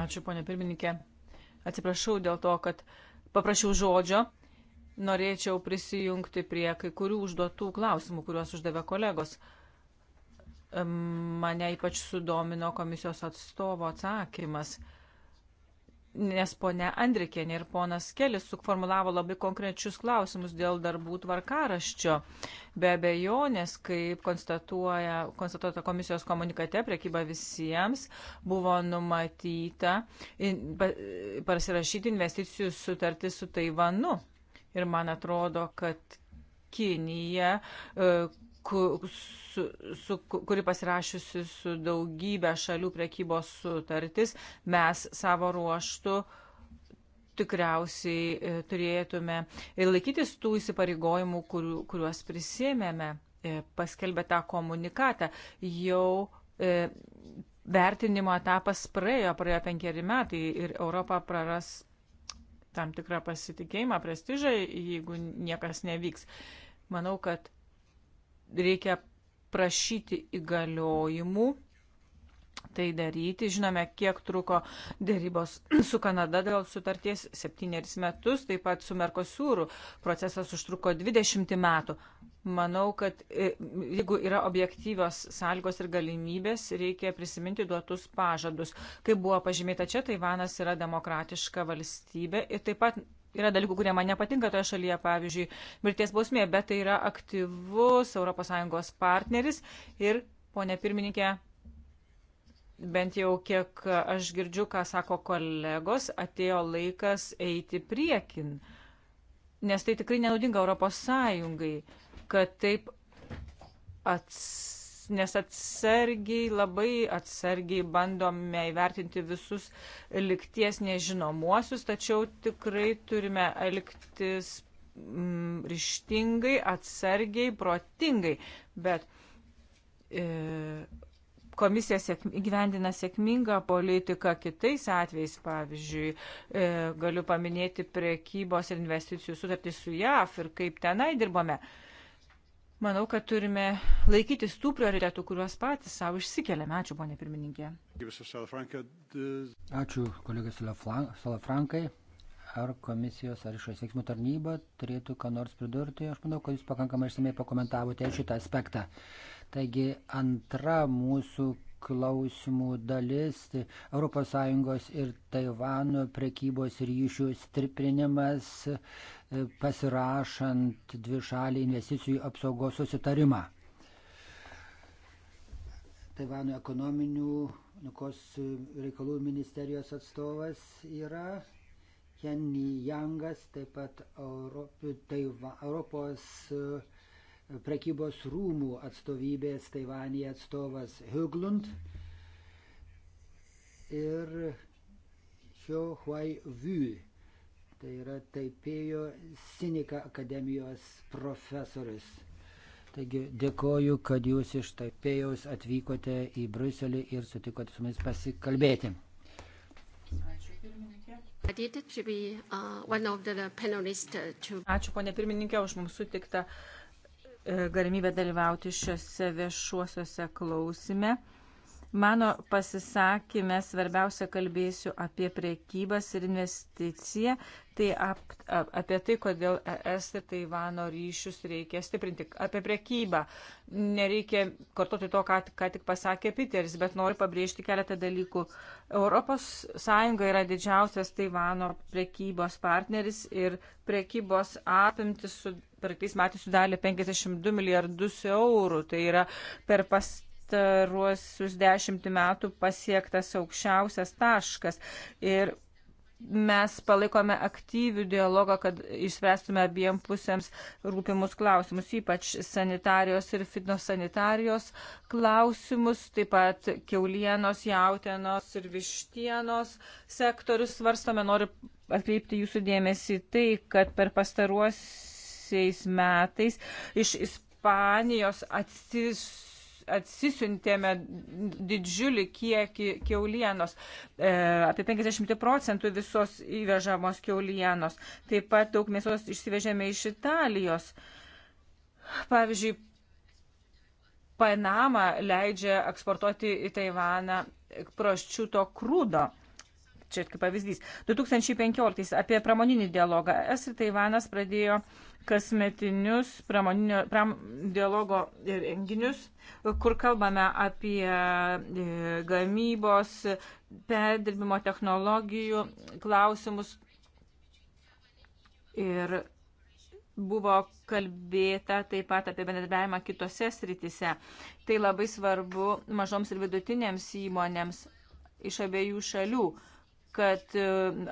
Ačiū, ponė pirmininkė. Atsiprašau dėl to, kad uh, paprašiau žodžio. Norėčiau prisijungti prie kai kurių užduotų klausimų, kuriuos uždavė kolegos. Mane ypač sudomino komisijos atstovo atsakymas nes ponia Andrikienė ir ponas Kelis suformulavo labai konkrečius klausimus dėl darbų tvarkaraščio. Be abejonės, kaip konstatuota komisijos komunikate, priekyba visiems buvo numatyta in, pa, pasirašyti investicijų sutartį su Taivanu. Ir man atrodo, kad Kinija. Uh, su, su, kuri pasirašiusi su daugybė šalių prekybos sutartis, mes savo ruoštų tikriausiai e, turėtume ir laikytis tų įsipareigojimų, kur, kuriuos prisėmėme, e, paskelbė tą komunikatą. Jau e, vertinimo etapas praėjo, praėjo penkeri metai ir Europa praras tam tikrą pasitikėjimą, prestižą, jeigu niekas nevyks. Manau, kad reikia prašyti įgaliojimų tai daryti. Žinome, kiek truko dėrybos su Kanada dėl sutarties - septynerius metus, taip pat su Merkosūru procesas užtruko 20 metų. Manau, kad e, jeigu yra objektyvios sąlygos ir galimybės, reikia prisiminti duotus pažadus. Kaip buvo pažymėta čia, Taivanas yra demokratiška valstybė ir taip pat yra dalykų, kurie man nepatinka toje šalyje, pavyzdžiui, mirties bausmė, bet tai yra aktyvus ES partneris ir, ponė pirmininkė, bent jau kiek aš girdžiu, ką sako kolegos, atėjo laikas eiti priekin, nes tai tikrai nenaudinga ES, kad taip ats nes atsargiai, labai atsargiai bandome įvertinti visus likties nežinomuosius, tačiau tikrai turime elgtis mm, ryštingai, atsargiai, protingai. Bet e, komisija sėkm, gyvendina sėkmingą politiką kitais atvejais, pavyzdžiui, e, galiu paminėti priekybos ir investicijų sutartį su JAF ir kaip tenai dirbome. E, Manau, kad turime laikytis tų prioritetų, kuriuos patys savo išsikeliame. Ačiū, ponė pirmininkė. Ačiū, kolega Salafrankai. Ar komisijos ar išorės veiksmų tarnyba turėtų ką nors pridurti? Aš manau, kad jūs pakankamai išsamei pakomentavote šitą aspektą. Taigi antra mūsų klausimų dalis ES ir Taivano prekybos ryšių stiprinimas e, pasirašant dvišalį investicijų apsaugos susitarimą. Taivano ekonominių reikalų ministerijos atstovas yra Jenny Jangas, taip pat Europi, Taiva, Europos uh, prekybos rūmų atstovybės Taivanėje atstovas Huglund ir Šio Huai Vy, tai yra Taipėjo Sinika akademijos profesorius. Taigi dėkoju, kad jūs iš Taipėjaus atvykote į Bruselį ir sutikote su mumis pasikalbėti. Ačiū pirmininkė. Ačiū ponė pirmininkė už mums sutiktą uh, galimybę dalyvauti šiuose viešuosiuose klausime. Mano pasisakymė svarbiausia kalbėsiu apie priekybas ir investiciją, tai ap, ap, apie tai, kodėl ES ir Taivano ryšius reikia stiprinti. Apie priekybą nereikia kartoti to, ką, ką tik pasakė Piteris, bet noriu pabrėžti keletą dalykų. ES yra didžiausias Taivano priekybos partneris ir priekybos apimtis su 2005 metais sudarė 52 milijardus eurų. Tai yra per pastaruosius dešimtį metų pasiektas aukščiausias taškas. Ir mes palaikome aktyvių dialogą, kad išspręstume abiem pusėms rūpimus klausimus, ypač sanitarijos ir fitnosanitarijos klausimus, taip pat keulienos, jautienos ir vištienos sektorius svarstome. Noriu atkreipti jūsų dėmesį tai, kad per pastaruosius 2000 metais iš Ispanijos atsis, atsisiuntėme didžiulį kiekį keulienos, e, apie 50 procentų visos įvežamos keulienos. Taip pat daug mėsos išsivežėme iš Italijos. Pavyzdžiui, Panama leidžia eksportuoti į Taivaną prosčiuto krūdo čia kaip pavyzdys. 2015 apie pramoninį dialogą. Es ir Taivanas pradėjo kasmetinius pramoninio pram, dialogo renginius, kur kalbame apie e, gamybos, perdirbimo technologijų klausimus. Ir buvo kalbėta taip pat apie bendradarbiavimą kitose sritise. Tai labai svarbu mažoms ir vidutinėms įmonėms iš abiejų šalių. Uh, kad e,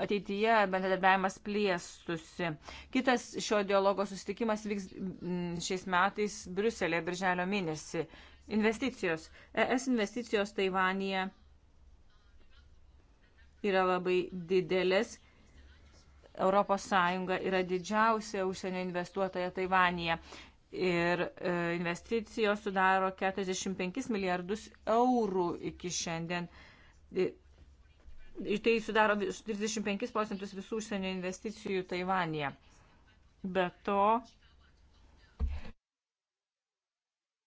ateityje bendradarbiavimas plėstusi. Kitas šio dialogo susitikimas vyks šiais metais Briuselėje, birželio mėnesį. Investicijos. ES investicijos Taivanėje yra labai didelės. ES yra didžiausia užsienio investuotoja Taivanėje. Ir e, investicijos sudaro 45 milijardus eurų iki šiandien tai sudaro 35 procentus visų užsienio investicijų Taivanėje. Be to,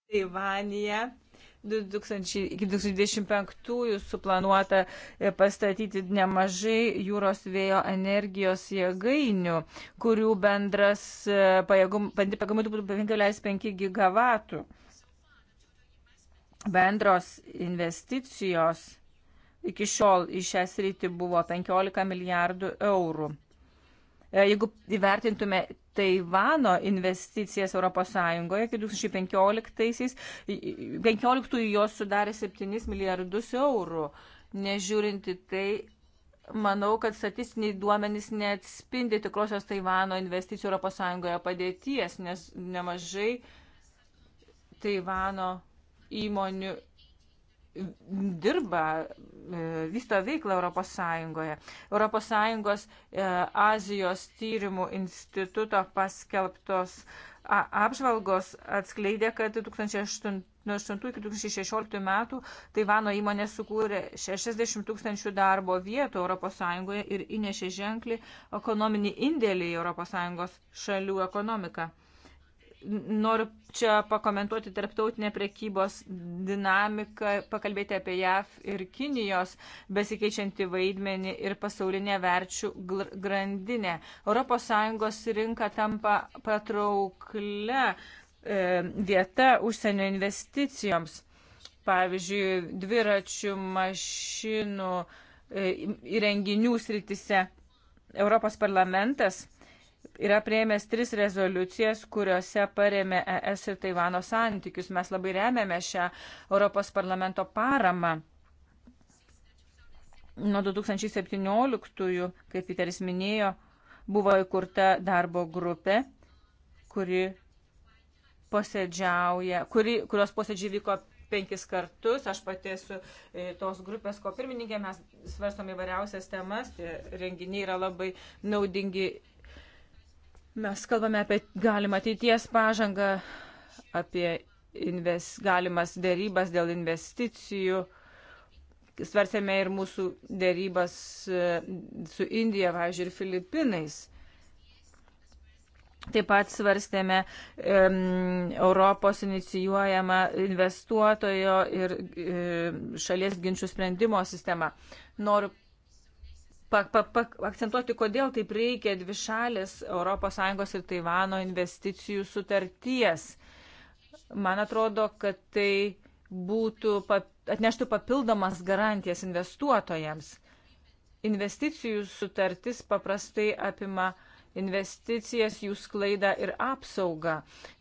Taivanėje 2000, iki 2025-ųjų suplanuota e, pastatyti nemažai jūros vėjo energijos jėgainių, kurių bendras e, pajėgumas būtų beveik 5 gigavatų. Bendros investicijos Iki šiol į šią sritį buvo 15 milijardų eurų. E, jeigu įvertintume Taivano investicijas ES, iki 2015, 2015 jos sudarė 7 milijardus eurų. Nežiūrinti tai, manau, kad statistiniai duomenys neatspindi tikrosios Taivano investicijų ES padėties, nes nemažai Taivano įmonių dirba, e, vysto veiklą Europos Sąjungoje. Europos Sąjungos e, Azijos tyrimų instituto paskelbtos apžvalgos atskleidė, kad 2008, nuo 2008 iki 2016 metų Taivano įmonė sukūrė 60 tūkstančių darbo vietų Europos Sąjungoje ir įnešė ženklį ekonominį indėlį į Europos Sąjungos šalių ekonomiką noriu čia pakomentuoti tarptautinę prekybos dinamiką, pakalbėti apie JAV ir Kinijos besikeičiantį vaidmenį ir pasaulinę verčių grandinę. ES rinka tampa patrauklia e, vieta užsienio investicijoms. Pavyzdžiui, dviračių, mašinų, e, įrenginių sritise Europos parlamentas yra prieimęs tris rezoliucijas, kuriuose paremė ES ir Taivano santykius. Mes labai remiame šią Europos parlamento paramą. Nuo 2017, kaip Piteris minėjo, buvo įkurta darbo grupė, kuri posėdžiauja, kuri, kurios posėdžiai vyko penkis kartus. Aš pati esu e, tos grupės ko pirmininkė, mes svarstom įvairiausias temas, tie renginiai yra labai naudingi Mes kalbame apie galimą ateities pažangą, apie invest, galimas dėrybas dėl investicijų. Svarsėme ir mūsų dėrybas e, su Indija, važiuoju, ir Filipinais. Taip pat svarstėme um, Europos inicijuojamą investuotojo ir um, šalies ginčių sprendimo sistemą. Noriu pa, pa, pa, akcentuoti, kodėl taip reikia dvišalės ES ir Taivano investicijų sutarties. Man atrodo, kad tai būtų, pap, atneštų papildomas garantijas investuotojams. Investicijų sutartis paprastai apima investicijas, jų sklaidą ir apsaugą.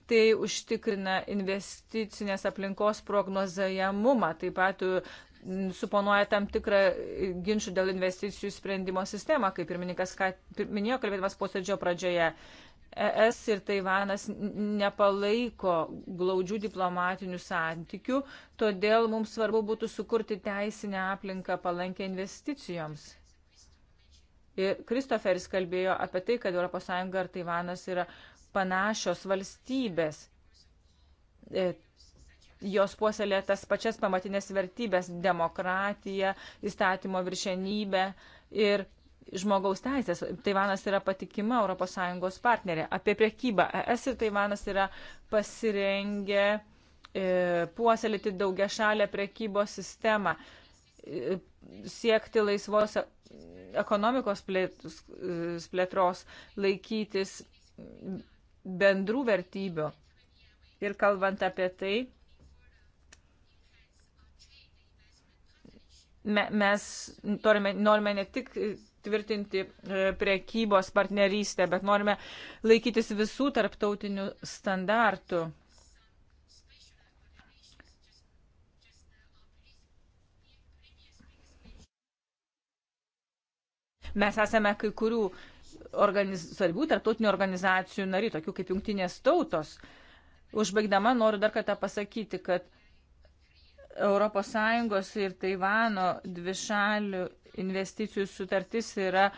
Tai užtikrina investicinės aplinkos prognozajamumą, taip pat suponuoja tam tikrą ginčių dėl investicijų sprendimo sistemą, kaip pirmininkas ką minėjo kalbėdamas posėdžio pradžioje. ES ir Taivanas nepalaiko glaudžių diplomatinių santykių, todėl mums svarbu būtų sukurti teisinę aplinką palankę investicijoms. Ir Kristoferis kalbėjo apie tai, kad ES ir Taivanas yra panašios valstybės. E, jos puoselė tas pačias pamatinės vertybės - demokratiją, įstatymo viršenybę ir žmogaus teisės. Taivanas yra patikima ES partnerė. Apie priekybą ES ir Taivanas yra pasirengę e, puoselėti daugia šalę priekybos sistemą, e, siekti laisvos ekonomikos plėtros, laikytis bendrų vertybių. Ir kalbant apie tai, Mes norime, norime ne tik tvirtinti e, prekybos partnerystę, bet norime laikytis visų tarptautinių standartų. Mes esame kai kurių organiz... svarbių tarptautinių organizacijų nariai, tokių kaip Junktinės tautos. Užbaigdama noriu dar kartą pasakyti, kad ES ir Taivano dvišalių investicijų sutartis yra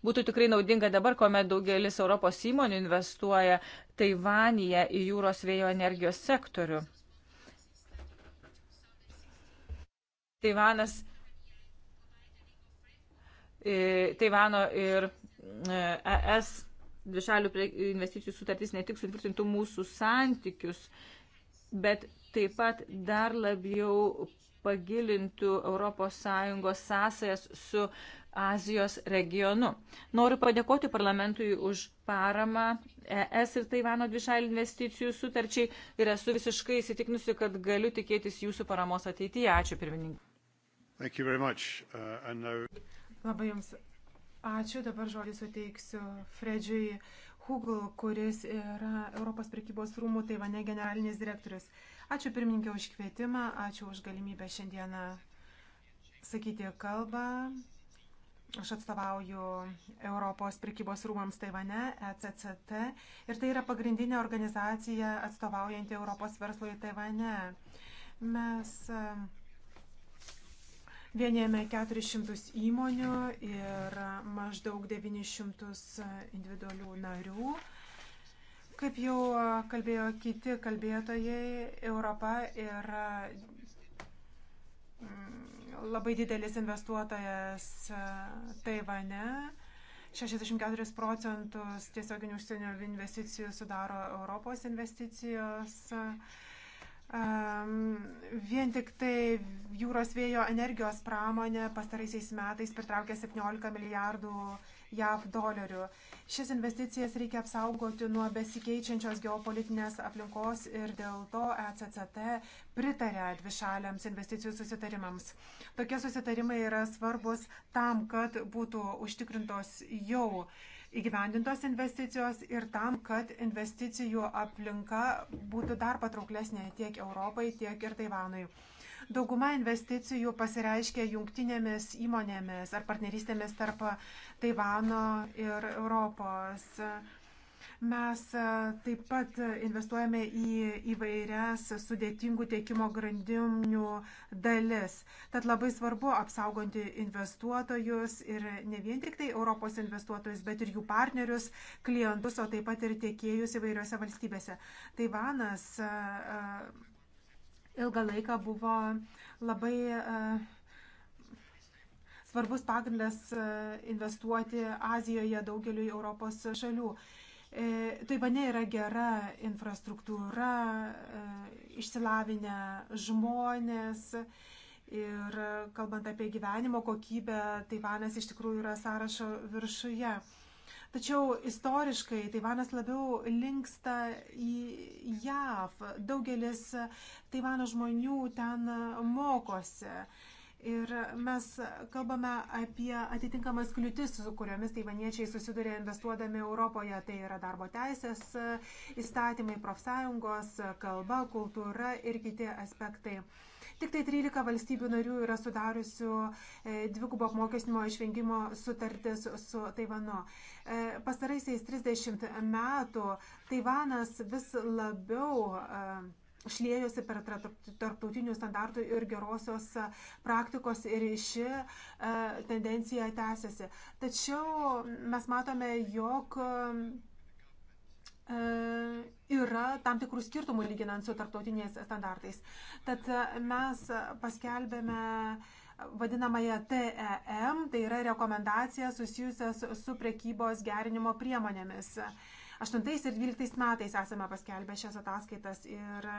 Būtų tikrai naudinga dabar, kuomet daugelis Europos įmonių investuoja Taivanyje į jūros vėjo energijos sektorių. Taivanas, e, Taivano ir ES e dvišalių investicijų sutartys ne tik sutvirtintų mūsų santykius, bet taip pat dar labiau pagilintų ES sąsajas su Azijos regionu. Noriu padėkoti parlamentui už paramą ES ir Taivano dvišalių investicijų sutarčiai ir esu visiškai įsitikinusi, kad galiu tikėtis jūsų paramos ateityje. Ačiū pirmininkai. Uh, now... Labai Jums ačiū. Dabar žodį suteiksiu Fredžiui Hugl, kuris yra Europos prekybos rūmų Taivane generalinis direktorius. Uh, Ačiū pirmininkė už kvietimą, ačiū už galimybę šiandieną sakyti kalbą. Aš atstovauju Europos prekybos rūmams Taivane, ECCT, ir tai yra pagrindinė organizacija atstovaujanti Europos verslui Taivane. Mes e, vienėjame 400 įmonių ir maždaug 900 individualių narių. Kaip jau kalbėjo kiti kalbėtojai, Europa yra mm, labai didelis investuotojas Taivane. 64 procentus tiesioginių užsienio investicijų sudaro Europos investicijos. Vien tik tai jūros vėjo energijos pramonė pastaraisiais metais pritraukė 17 milijardų eurų JAV dolerių. Šis investicijas reikia apsaugoti nuo besikeičiančios geopolitinės aplinkos ir dėl to ECCT pritarė dvišaliams investicijų susitarimams. Tokie susitarimai yra svarbus tam, kad būtų užtikrintos jau įgyvendintos investicijos ir tam, kad investicijų aplinka būtų dar patrauklesnė tiek Europai, tiek ir Taivanui. Dauguma investicijų pasireiškia jungtinėmis įmonėmis ar partnerystėmis tarp Taivano ir Europos. Mes e, taip pat investuojame į įvairias sudėtingų tiekimo grandinių dalis. Tad labai svarbu apsaugoti investuotojus ir ne vien tik tai Europos investuotojus, bet ir jų partnerius, klientus, o taip pat ir tiekėjus įvairiose valstybėse. Taivanas e, e, ilgą laiką buvo labai svarbus pagrindas investuoti Azijoje daugeliu Europos šalių. E, Taivane yra gera infrastruktūra, e, išsilavinę žmonės ir kalbant apie gyvenimo kokybę, Taivanas iš tikrųjų yra sąrašo viršuje. Tačiau istoriškai Taivanas labiau linksta į JAV. Daugelis Taivano žmonių ten mokosi. Ir mes kalbame apie atitinkamas kliūtis, su kuriomis taivaniečiai susiduria investuodami Europoje. Tai yra darbo teisės įstatymai, profsąjungos, kalba, kultūra ir kiti aspektai. Tik tai 13 valstybių narių yra sudariusių e, dvigubo apmokestinimo išvengimo sutartis su Taivanu. E, pastaraisiais 30 metų Taivanas vis labiau e, šliejosi per tarptautinių standartų ir gerosios e, praktikos ir ši e, tendencija tęsiasi. Tačiau mes matome, jog e, yra tam tikrų skirtumų lyginant su tarptautiniais standartais. Tad mes paskelbėme vadinamąją TEM, tai yra rekomendacija susijusias su prekybos gerinimo priemonėmis. 8 ir 12 metais esame paskelbę šias ataskaitas ir e,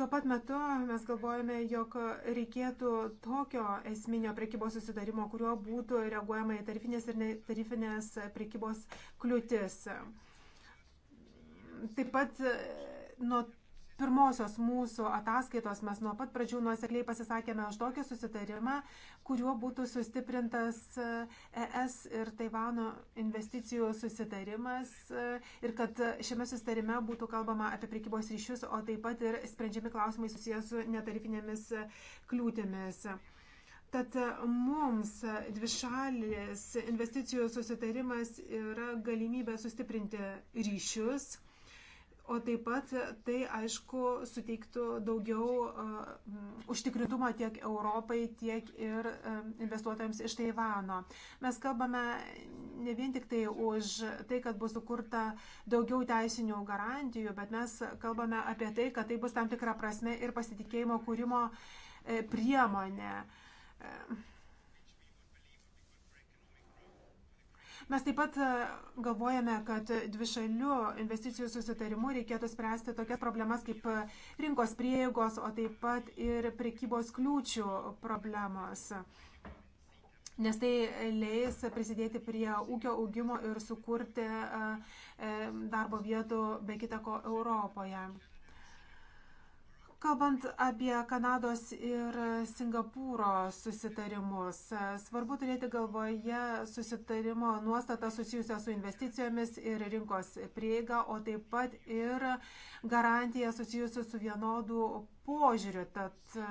tuo pat metu mes galvojame, jog reikėtų tokio esminio prekybos susidarimo, kuriuo būtų reaguojama į tarifinės ir netarifinės prekybos kliūtis. Taip pat e, nuo pirmosios mūsų ataskaitos mes nuo pat pradžių nuosekliai pasisakėme už tokį susitarimą, kuriuo būtų sustiprintas ES e ir Taivano investicijų susitarimas e, ir kad šiame susitarime būtų kalbama apie prekybos ryšius, o taip pat ir sprendžiami klausimai susijęs su netarifinėmis kliūtimis. Tad mums dvišalės investicijų susitarimas yra galimybė sustiprinti ryšius O taip pat tai, aišku, suteiktų daugiau uh, užtikrintumo tiek Europai, tiek ir uh, investuotojams iš Taivano. Mes kalbame ne vien tik tai už tai, kad bus sukurta daugiau teisinių garantijų, bet mes kalbame apie tai, kad tai bus tam tikra prasme ir pasitikėjimo kūrimo e, priemonė. Uh, Mes taip pat e, galvojame, kad dvišalių investicijų susitarimu reikėtų spręsti tokias problemas kaip e, rinkos prieigos, o taip pat ir prekybos kliūčių problemos. Nes tai leis prisidėti prie ūkio augimo ir sukurti e, darbo vietų be kitako Europoje. Kalbant apie Kanados ir Singapūro susitarimus, svarbu turėti galvoje susitarimo nuostatą susijusią su investicijomis ir rinkos prieiga, o taip pat ir garantiją susijusią su vienodu požiūriu. Tad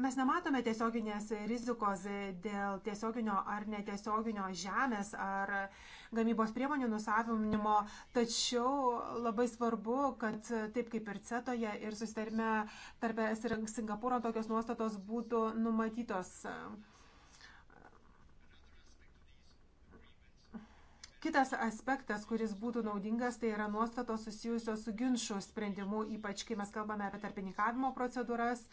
Mes nematome tiesioginės rizikos dėl tiesioginio ar netiesioginio žemės ar gamybos priemonių nusavinimo, tačiau labai svarbu, kad taip kaip ir CETOje ir susitarime tarp ES ir Singapūro tokios nuostatos būtų numatytos. Kitas aspektas, kuris būtų naudingas, tai yra nuostatos susijusios su ginčių sprendimu, ypač kai mes kalbame apie tarpininkavimo procedūras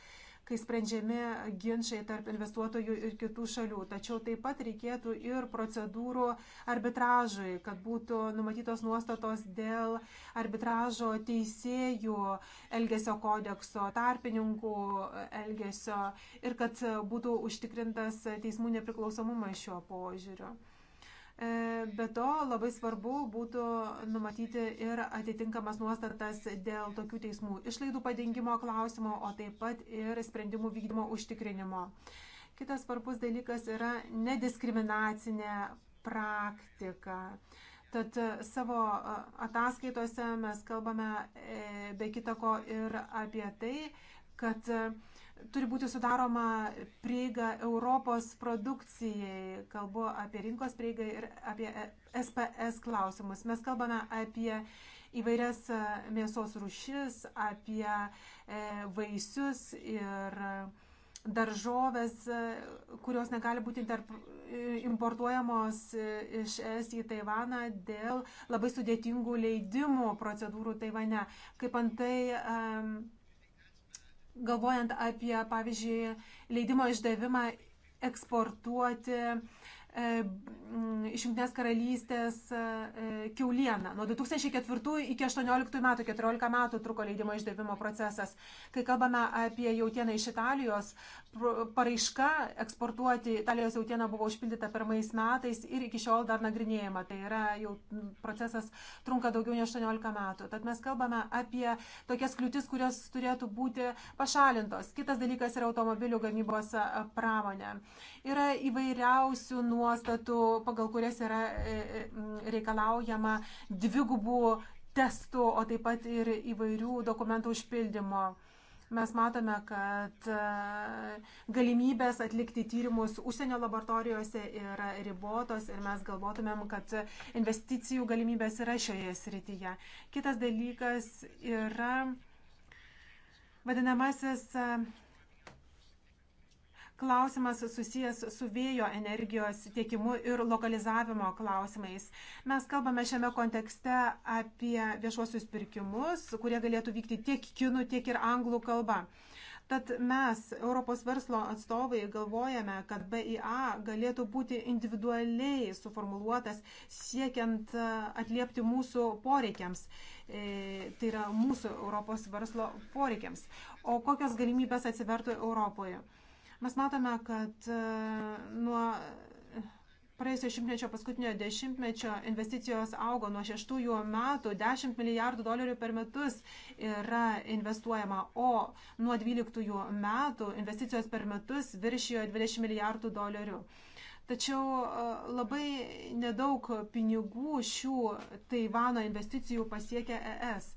kai sprendžiami ginčiai tarp investuotojų ir kitų šalių. Tačiau taip pat reikėtų ir procedūrų arbitražui, kad būtų numatytos nuostatos dėl arbitražo teisėjų elgesio kodekso, tarpininkų elgesio ir kad būtų užtikrintas teismų nepriklausomumas šiuo požiūriu. E, be to labai svarbu būtų numatyti ir atitinkamas nuostatas dėl tokių teismų išlaidų padengimo klausimo, o taip pat ir sprendimų vykdymo užtikrinimo. Kitas svarbus dalykas yra nediskriminacinė praktika. Tad savo e, ataskaitose mes kalbame e, be kitako ir apie tai, kad turi būti sudaroma prieiga Europos produkcijai. Kalbu apie rinkos prieigą ir apie SPS klausimus. Mes kalbame apie įvairias e, mėsos rušis, apie e, vaisius ir daržovės, e, kurios negali būti interp... importuojamos iš ES į Taivaną dėl labai sudėtingų leidimų procedūrų Taivane. Kaip antai um, galvojant apie, pavyzdžiui, leidimo išdavimą eksportuoti E, iš Junktinės karalystės e, keulieną. Nuo 2004 iki 2018 metų, 14 metų truko leidimo išdavimo procesas. Kai kalbame apie jautieną iš Italijos, paraiška eksportuoti Italijos jautieną buvo užpildyta pirmais metais ir iki šiol dar nagrinėjama. Tai yra jau procesas trunka daugiau nei 18 metų. Tad mes kalbame apie tokias kliūtis, kurios turėtų būti pašalintos. Kitas dalykas yra automobilių gamybos pramonė. Yra įvairiausių nuo nuostatų, pagal kurias yra e, e, reikalaujama dvigubų testų, o taip pat ir įvairių dokumentų užpildymo. Mes matome, kad e, galimybės atlikti tyrimus užsienio laboratorijose yra ribotos ir mes galvotumėm, kad investicijų galimybės yra šioje srityje. Kitas dalykas yra vadinamasis klausimas susijęs su vėjo energijos tiekimu ir lokalizavimo klausimais. Mes kalbame šiame kontekste apie viešuosius pirkimus, kurie galėtų vykti tiek kinų, tiek ir anglų kalba. Tad mes, Europos verslo atstovai, galvojame, kad BIA galėtų būti individualiai suformuluotas siekiant e, atliepti mūsų poreikiams. E, tai yra mūsų Europos verslo poreikiams. O kokias galimybės atsivertų Europoje? Mes matome, kad e, nuo praėjusio šimtmečio paskutinio dešimtmečio investicijos augo nuo šeštųjų metų 10 milijardų dolerių per metus yra investuojama, o nuo 12 metų investicijos per metus viršijo 20 milijardų dolerių. Tačiau e, labai nedaug pinigų šių Taivano investicijų pasiekia ES.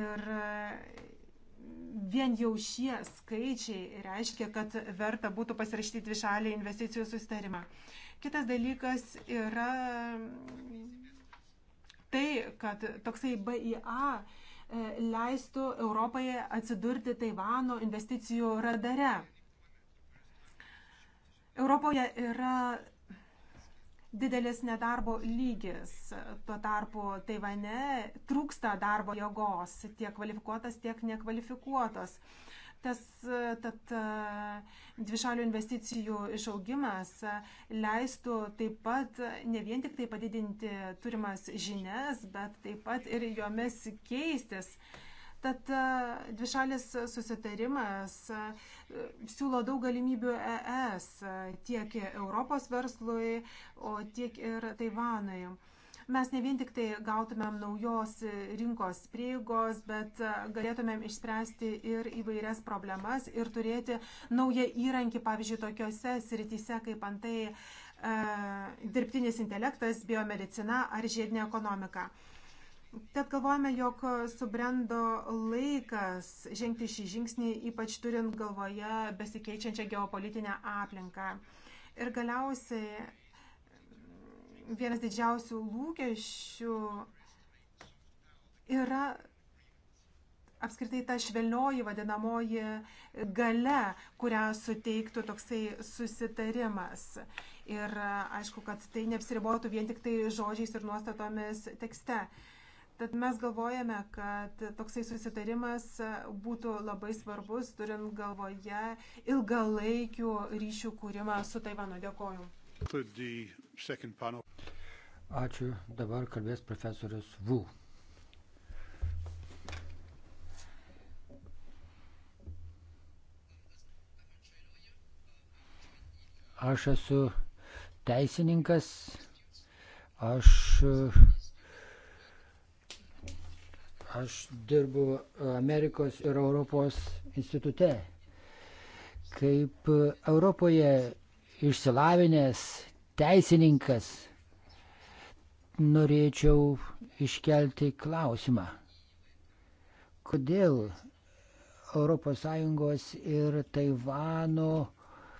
Ir Vien jau šie skaičiai reiškia, kad verta būtų pasirašyti dvišalį investicijų sustarimą. Kitas dalykas yra tai, kad toksai BIA e, leistų Europai atsidurti Taivano investicijų radare. Europoje yra didelis nedarbo lygis. Tuo tarpu Taivane trūksta darbo jėgos, tiek kvalifikuotas, tiek nekvalifikuotas. Tas tad, e, dvišalių investicijų išaugimas leistų taip pat ne vien tik tai padidinti turimas žinias, bet taip pat ir jomis keistis. Tad e, dvišalis susitarimas e, siūlo daug galimybių ES e, tiek Europos verslui, o tiek ir Taivanui. Mes ne vien tik tai gautumėm naujos rinkos prieigos, bet galėtumėm išspręsti ir įvairias problemas ir turėti naują įrankį, pavyzdžiui, tokiuose srityse kaip antai e, dirbtinis intelektas, biomedicina ar žiedinė ekonomika. E, Tad galvojame, jog subrendo laikas žengti šį žingsnį, ypač turint galvoje besikeičiančią geopolitinę aplinką. Ir galiausiai mm, vienas didžiausių lūkesčių yra apskritai ta švelnioji vadinamoji gale, kurią suteiktų toksai susitarimas. Ir aišku, kad tai neapsiribotų vien tik tai žodžiais ir nuostatomis tekste. Tad mes galvojame, kad toksai susitarimas būtų labai svarbus, turint galvoje ilgalaikių ryšių kūrimą su Taivanu. Dėkoju. Ačiū. Dabar kalbės profesorius Vu. Aš esu teisininkas, aš Aš dirbu Amerikos ir Europos institute. Kaip Europoje išsilavinęs teisininkas norėčiau iškelti klausimą. Kodėl ES ir Taivano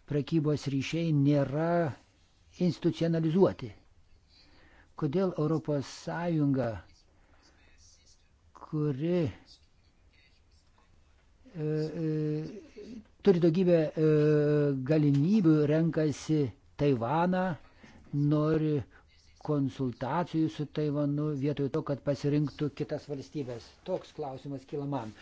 prekybos ryšiai nėra institucionalizuoti? Kodėl ES kuri e, e, turi daugybę e, galimybių, renkasi Taivaną, nori konsultacijų su Taivanu vietoj to, kad pasirinktų kitas valstybės. Toks klausimas kyla man.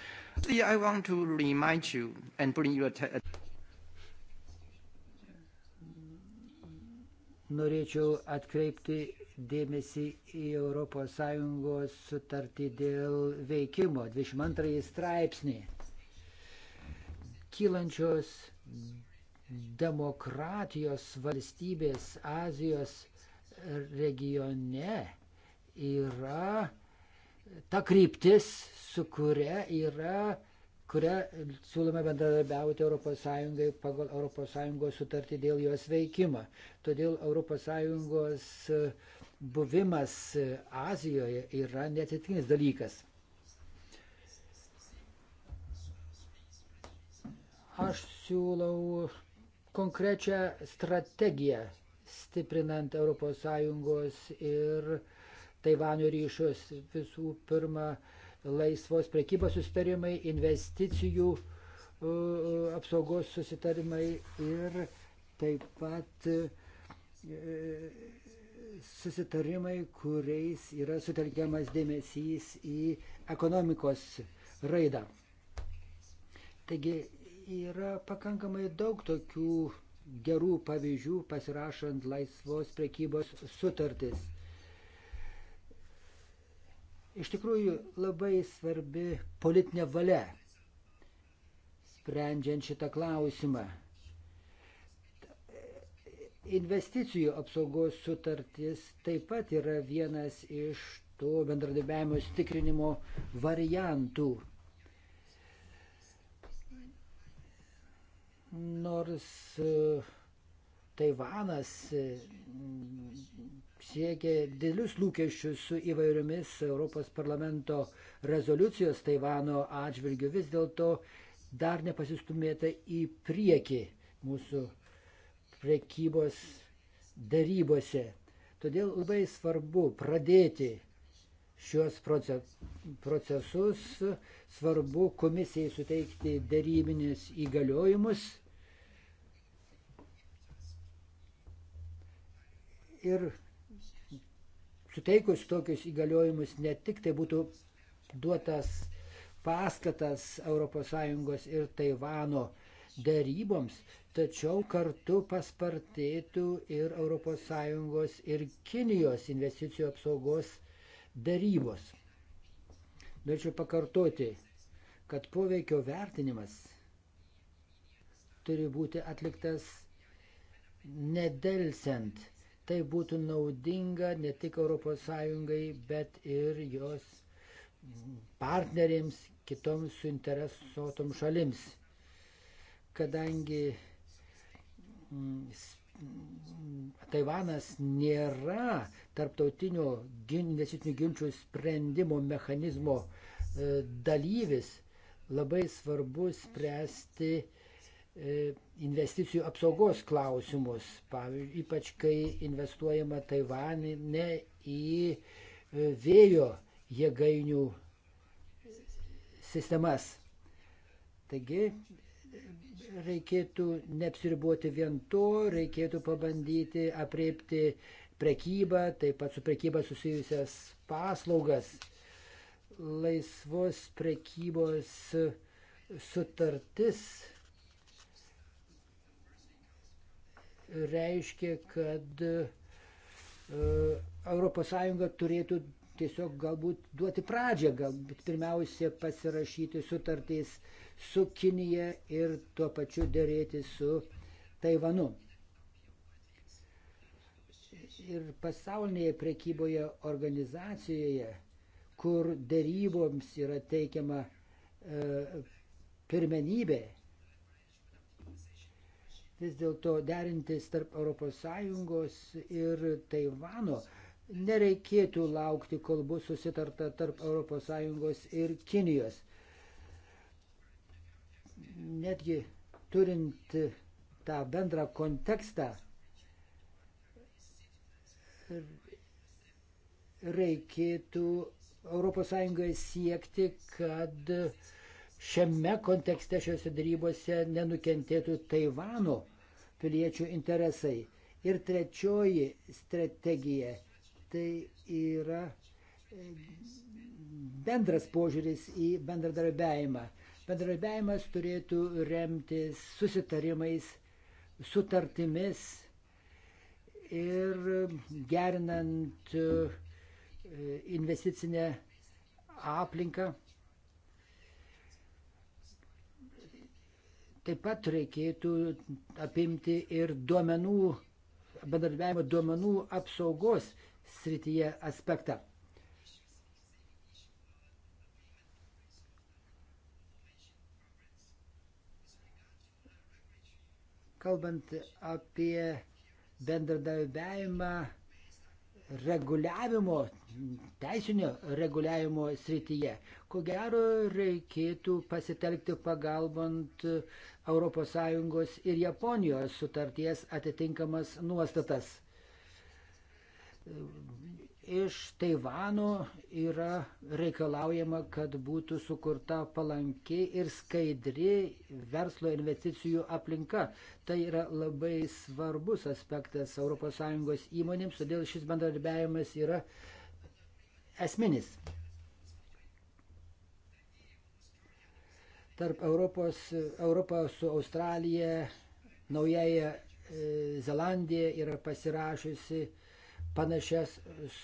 norėčiau atkreipti dėmesį į ES sutartį dėl veikimo, 22 straipsnį. Kylančios demokratijos valstybės Azijos regione yra ta kryptis, su kuria yra kuria siūlome bendradarbiauti ES pagal ES sutartį dėl jos veikimą. Todėl ES buvimas Azijoje yra neatsitiktinis dalykas. Aš siūlau konkrečią strategiją stiprinant ES ir Taivanio ryšius. Visų pirma, laisvos prekybos susitarimai, investicijų e, apsaugos susitarimai ir taip pat e, susitarimai, kuriais yra sutelkiamas dėmesys į ekonomikos raidą. Taigi yra pakankamai daug tokių gerų pavyzdžių pasirašant laisvos prekybos sutartis. Iš tikrųjų labai svarbi politinė valia, sprendžiant šitą klausimą. Investicijų apsaugos sutartis taip pat yra vienas iš to bendradarbiavimo stikrinimo variantų. Nors e, Taivanas e, siekė didelius lūkesčius su įvairiomis Europos parlamento rezoliucijos Taivano atžvilgiu. Vis dėlto dar nepasistumėta į priekį mūsų prekybos darybose. Todėl labai svarbu pradėti šios procesus, svarbu komisijai suteikti darybinės įgaliojimus ir suteikus tokius įgaliojimus ne tik tai būtų duotas paskatas ES ir Taivano dėryboms, tačiau kartu paspartėtų ir ES ir Kinijos investicijų apsaugos dėrybos. Norėčiau pakartoti, kad poveikio vertinimas turi būti atliktas nedelsiant Tai būtų naudinga ne tik ES, bet ir jos partneriams, kitoms suinteresuotoms šalims. Kadangi mm, mm, Taivanas nėra tarptautinio investicinių ginčių sprendimo mechanizmo e, dalyvis, labai svarbu spręsti E, investicijų apsaugos klausimus, pavyzdžiui, ypač kai investuojama Taivanį ne į e, vėjo jėgainių sistemas. Taigi reikėtų neapsiriboti vien to, reikėtų pabandyti apriepti prekybą, taip pat su prekyba susijusias paslaugas, laisvos prekybos sutartis reiškia, kad ES turėtų tiesiog galbūt duoti pradžią, galbūt pirmiausia pasirašyti sutartys su Kinija ir tuo pačiu dėrėti su Taivanu. Ir pasaulinėje prekyboje organizacijoje, kur dėryboms yra teikiama e, pirmenybė, vis dėlto derintis tarp ES ir Taivano. Nereikėtų laukti, kol bus susitarta tarp ES ir Kinijos. Netgi turint tą bendrą kontekstą, reikėtų ES siekti, kad šiame kontekste šiuose darybose nenukentėtų Taivano piliečių interesai. Ir trečioji strategija tai yra e, bendras požiūris į bendradarbiavimą. Bendradarbiavimas turėtų remtis susitarimais, sutartimis ir gerinant e, investicinę aplinką Taip pat reikėtų apimti ir duomenų, bendradarbiavimo duomenų apsaugos srityje aspektą. Kalbant apie bendradarbiavimą reguliavimo, teisinio reguliavimo srityje. Ko gero reikėtų pasitelkti pagalbant ES ir Japonijos sutarties atitinkamas nuostatas iš Taivano yra reikalaujama, kad būtų sukurta palanki ir skaidri verslo investicijų aplinka. Tai yra labai svarbus aspektas ES įmonėms, todėl šis bendradarbiavimas yra esminis. Tarp Europos, Europos su Australija, Naujaja e, Zelandija yra pasirašusi panašias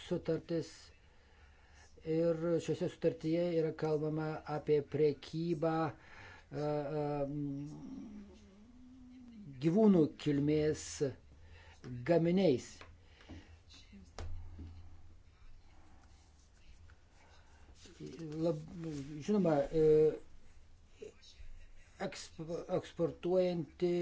sutartis. Ir šiuose sutartyje yra kalbama apie priekybą gyvūnų kilmės gaminiais. Lab, žinoma, e, eksportuojanti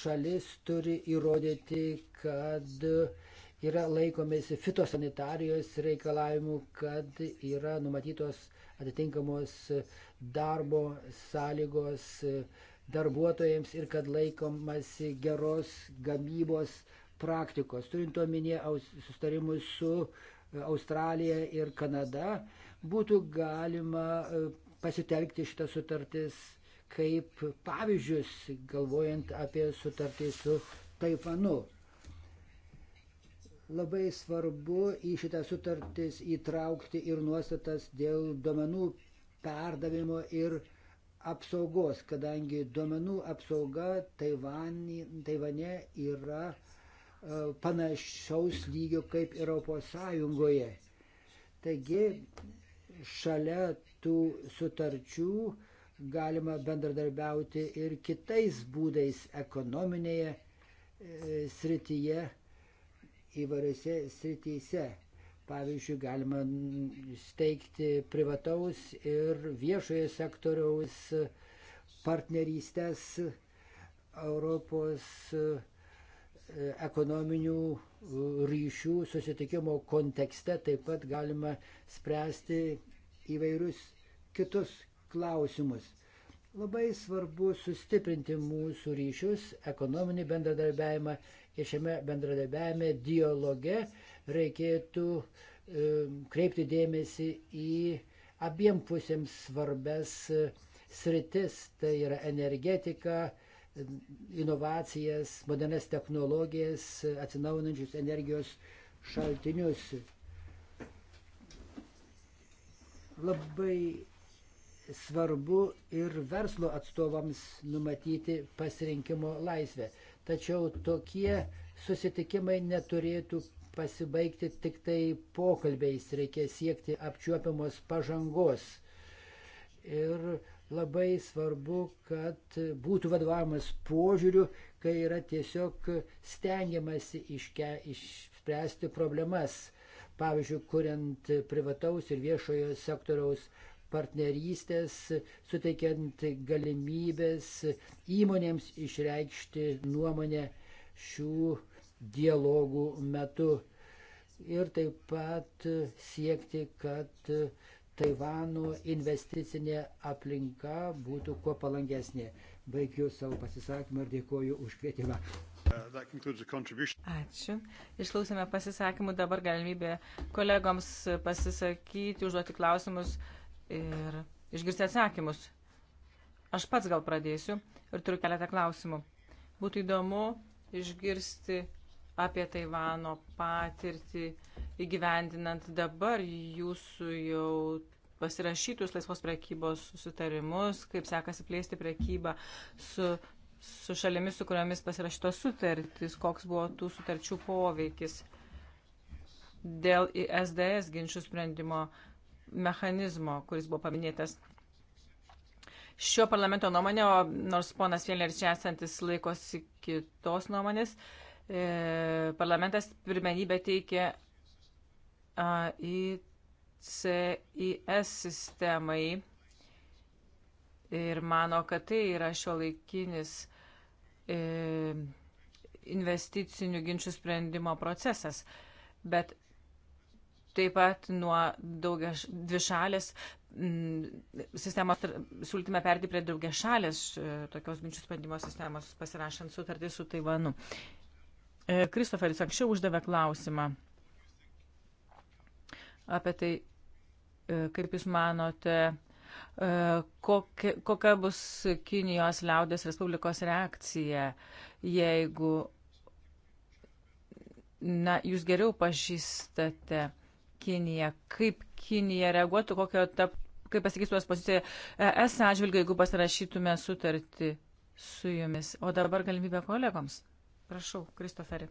šalis turi įrodyti, kad uh, yra laikomėsi fitosanitarijos reikalavimų, kad yra numatytos atitinkamos darbo sąlygos darbuotojams ir kad laikomasi geros gamybos praktikos. Turint omenyje sustarimus su Australija ir Kanada, būtų galima e, pasitelkti šitą sutartis kaip pavyzdžius, galvojant apie sutartį su Taivanu. Labai svarbu į šitą sutartis įtraukti ir nuostatas dėl duomenų perdavimo ir apsaugos, kadangi duomenų apsauga Taivanį, Taivane yra e, panašaus lygio kaip Europos Sąjungoje. Taigi šalia tų sutarčių galima bendradarbiauti ir kitais būdais ekonominėje e, srityje įvairiose srityse. Pavyzdžiui, galima steigti privataus ir viešojo sektoriaus partnerystės Europos e, ekonominių e, ryšių susitikimo kontekste taip pat galima spręsti įvairius kitus klausimus. Labai svarbu sustiprinti mūsų ryšius, ekonominį bendradarbiavimą ir šiame bendradarbiavime dialoge reikėtų e, kreipti dėmesį į abiem pusėms svarbes e, sritis, tai yra energetika, e, inovacijas, modernes technologijas, atsinaujinančius energijos šaltinius. Labai svarbu ir verslo atstovams numatyti pasirinkimo laisvę. Tačiau tokie susitikimai neturėtų pasibaigti tik tai pokalbiais, reikia siekti apčiuopiamos pažangos. Ir labai svarbu, kad būtų vadovavimas požiūriu, kai yra tiesiog stengiamasi iške, išspręsti problemas. Pavyzdžiui, kuriant privataus ir viešojo sektoriaus partnerystės, suteikiant galimybės įmonėms išreikšti nuomonę šių dialogų metu. Ir taip pat siekti, kad Taivano investicinė aplinka būtų kuo palankesnė. Baigiu savo pasisakymą ir dėkoju už kvietimą. Ačiū. Išklausėme pasisakymų, dabar galimybė kolegoms pasisakyti, užduoti klausimus ir išgirsti atsakymus. Aš pats gal pradėsiu ir turiu keletą klausimų. Būtų įdomu išgirsti apie Taivano patirtį įgyvendinant dabar jūsų jau pasirašytus laisvos prekybos susitarimus, kaip sekasi plėsti prekybą su, su šalimis, su kuriomis pasirašytos sutartys, koks buvo tų sutarčių poveikis dėl ISDS ginčių sprendimo mechanizmo, kuris buvo paminėtas šio parlamento nuomonė, o nors ponas Fielneris čia esantis laikosi kitos nuomonės, e, parlamentas pirmenybę teikė AICIS sistemai ir mano, kad tai yra šio laikinis e, investicinių ginčių sprendimo procesas. Bet taip pat nuo daugia dvišalės mm, sistemos siūlytume perti prie daugia šalės e, tokios ginčių sprendimo sistemos pasirašant sutartį su Taivanu. E, Kristoferis anksčiau uždavė klausimą apie tai, e, kaip Jūs manote, kokia, kokia bus Kinijos liaudės Respublikos reakcija, jeigu na, Jūs geriau pažįstate Kinija, kaip Kinija reaguotų, kokio tap, kaip pasakys tuos poziciją ES atžvilgiu, jeigu pasirašytume sutartį su jumis. O dabar galimybė kolegoms. Prašau, Kristoferi.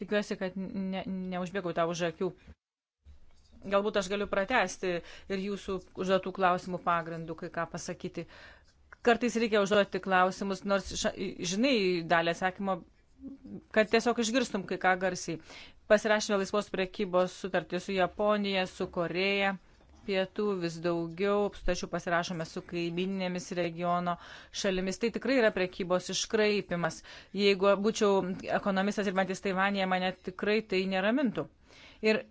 Tikiuosi, kad ne, neužbėgau tau už akių. Galbūt aš galiu pratesti ir jūsų užduotų klausimų pagrindų kai ką pasakyti. Kartais reikia užduoti klausimus, nors žinai dalį atsakymo, kad tiesiog išgirstum kai ką garsiai. Pasirašėme laisvos prekybos sutartį su Japonija, su Koreja, pietų vis daugiau, tačiau pasirašome su kaiminėmis regiono šalimis. Tai tikrai yra prekybos iškraipimas. Jeigu būčiau ekonomistas ir bantis Taivanėje, mane tikrai tai neramintų. Ir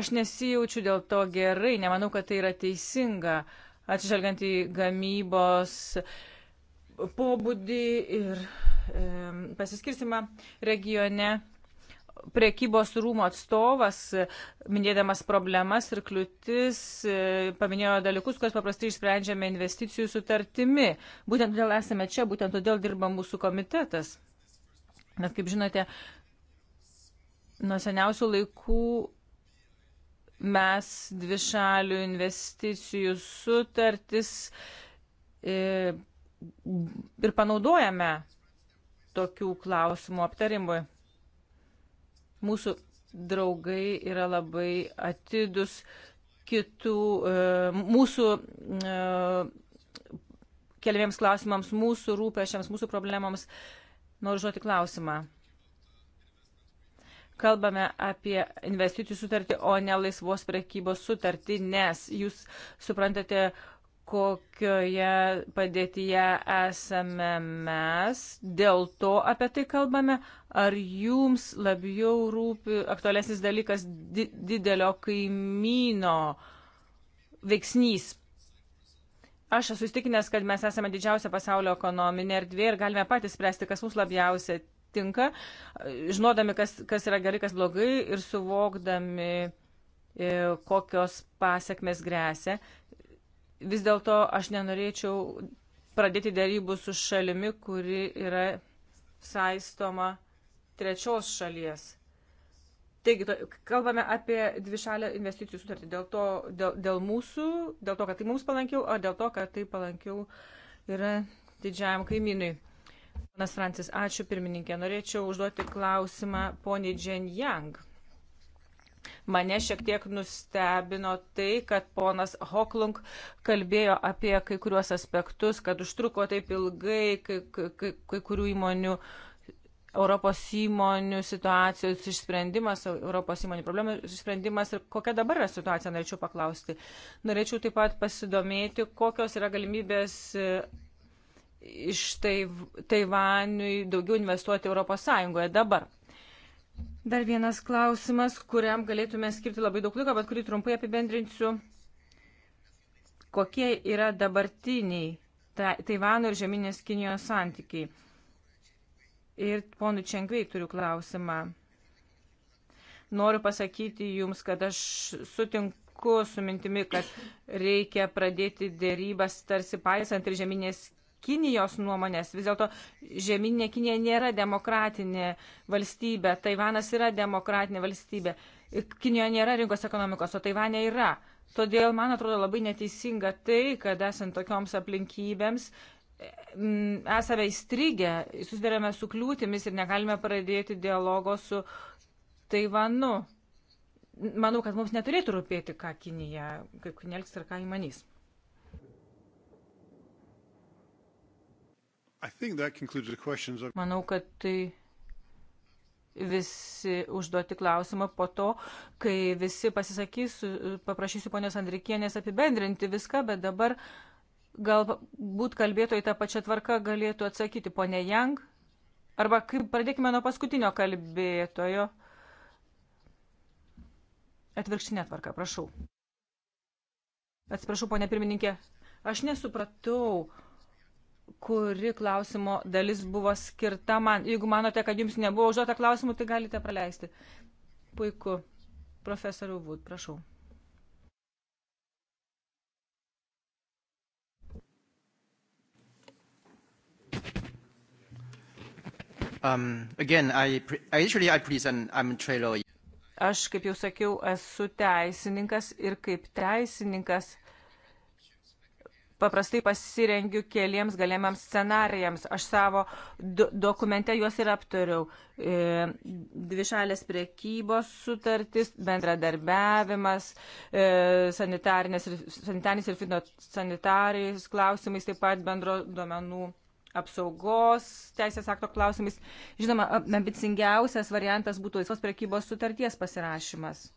aš nesijaučiu dėl to gerai, nemanau, kad tai yra teisinga, atsižvelgiant į gamybos pobūdį ir pasiskirstimą regione. Prekybos rūmų atstovas, e, minėdamas problemas ir kliūtis, e, paminėjo dalykus, kuriuos paprastai išsprendžiame investicijų sutartimi. Būtent todėl esame čia, būtent todėl dirba mūsų komitetas. Nes, kaip žinote, nuo seniausių laikų mes dvišalių investicijų sutartis e, ir panaudojame tokių klausimų aptarimui. Mūsų draugai yra labai atidus kitų e, mūsų e, keliamiems klausimams, mūsų rūpešiams, mūsų problemams. Noriu žodį klausimą. Kalbame apie investicijų sutartį, o ne laisvos prekybos sutartį, nes jūs suprantate, uh, kokioje padėtyje esame mes, dėl to apie tai kalbame, ar jums labiau rūpi aktualesnis dalykas di didelio kaimyno veiksnys. Aš esu įstikinęs, kad mes esame didžiausia pasaulio ekonominė erdvė ir galime patys spręsti, kas mums labiausiai tinka, žinodami, kas, kas yra gerai, kas blogai ir suvokdami, e, kokios pasiekmes grėsia vis dėlto aš nenorėčiau pradėti dėrybų su šalimi, kuri yra saistoma trečios šalies. Taigi, to, kalbame apie dvišalę investicijų sutartį. Dėl, to, dėl, dėl mūsų, dėl to, kad tai mums palankiau, o dėl to, kad tai palankiau yra didžiajam kaimynui. Panas Francis, ačiū pirmininkė. Norėčiau užduoti klausimą poniai Džen Jang. Mane šiek tiek nustebino tai, kad ponas Hoklung kalbėjo apie kai kuriuos aspektus, kad užtruko taip ilgai kai, kai, kai, kai kurių įmonių, Europos įmonių situacijos išsprendimas, Europos įmonių problemų išsprendimas ir kokia dabar yra situacija, norėčiau paklausti. Norėčiau taip pat pasidomėti, kokios yra galimybės e, iš Taivaniui daugiau investuoti Europos Sąjungoje dabar. Dar vienas klausimas, kuriam galėtume skirti labai daug laiko, bet kurį trumpai apibendrinsiu. Kokie yra dabartiniai ta, Taivano ir žemynės Kinijos santykiai? Ir ponui Čengvei turiu klausimą. Noriu pasakyti jums, kad aš sutinku su mintimi, kad reikia pradėti dėrybas tarsi paisant ir žemynės Kinijos nuomonės. Vis dėlto žemynė Kinija nėra demokratinė valstybė, Taivanas yra demokratinė valstybė. Kinijoje nėra rinkos ekonomikos, o Taivane yra. Todėl man atrodo labai neteisinga tai, kad esant tokioms aplinkybėms mm, esame įstrigę, susidurėme su kliūtimis ir negalime pradėti dialogo su Taivanu. Manau, kad mums neturėtų rūpėti, ką Kinija, kaip Kinelks ir ką įmanys. Manau, kad tai visi užduoti klausimą po to, kai visi pasisakys, paprašysiu ponios Andrikienės apibendrinti viską, bet dabar galbūt kalbėtojai tą pačią tvarką galėtų atsakyti ponė Jang. Arba kaip pradėkime nuo paskutinio kalbėtojo. Atvirkštinė tvarka, prašau. Atsiprašau, ponė pirmininkė, aš nesupratau kuri klausimo dalis buvo skirta man. Jeigu manote, kad jums nebuvo užduota klausimų, tai galite praleisti. Puiku. Profesoriu Vud, prašau. Um, again, I pre actually I present, I'm trailer. Aš, kaip jau sakiau, esu teisininkas ir kaip teisininkas paprastai pasirengiu keliems galėmiams scenarijams. Aš savo do dokumente juos ir aptariau. E, dvišalės priekybos sutartis, bendradarbiavimas, e, sanitariniais ir, ir fitosanitarijais klausimais, taip pat bendro duomenų apsaugos teisės akto klausimais. Žinoma, ambicingiausias variantas būtų laisvos prekybos sutarties pasirašymas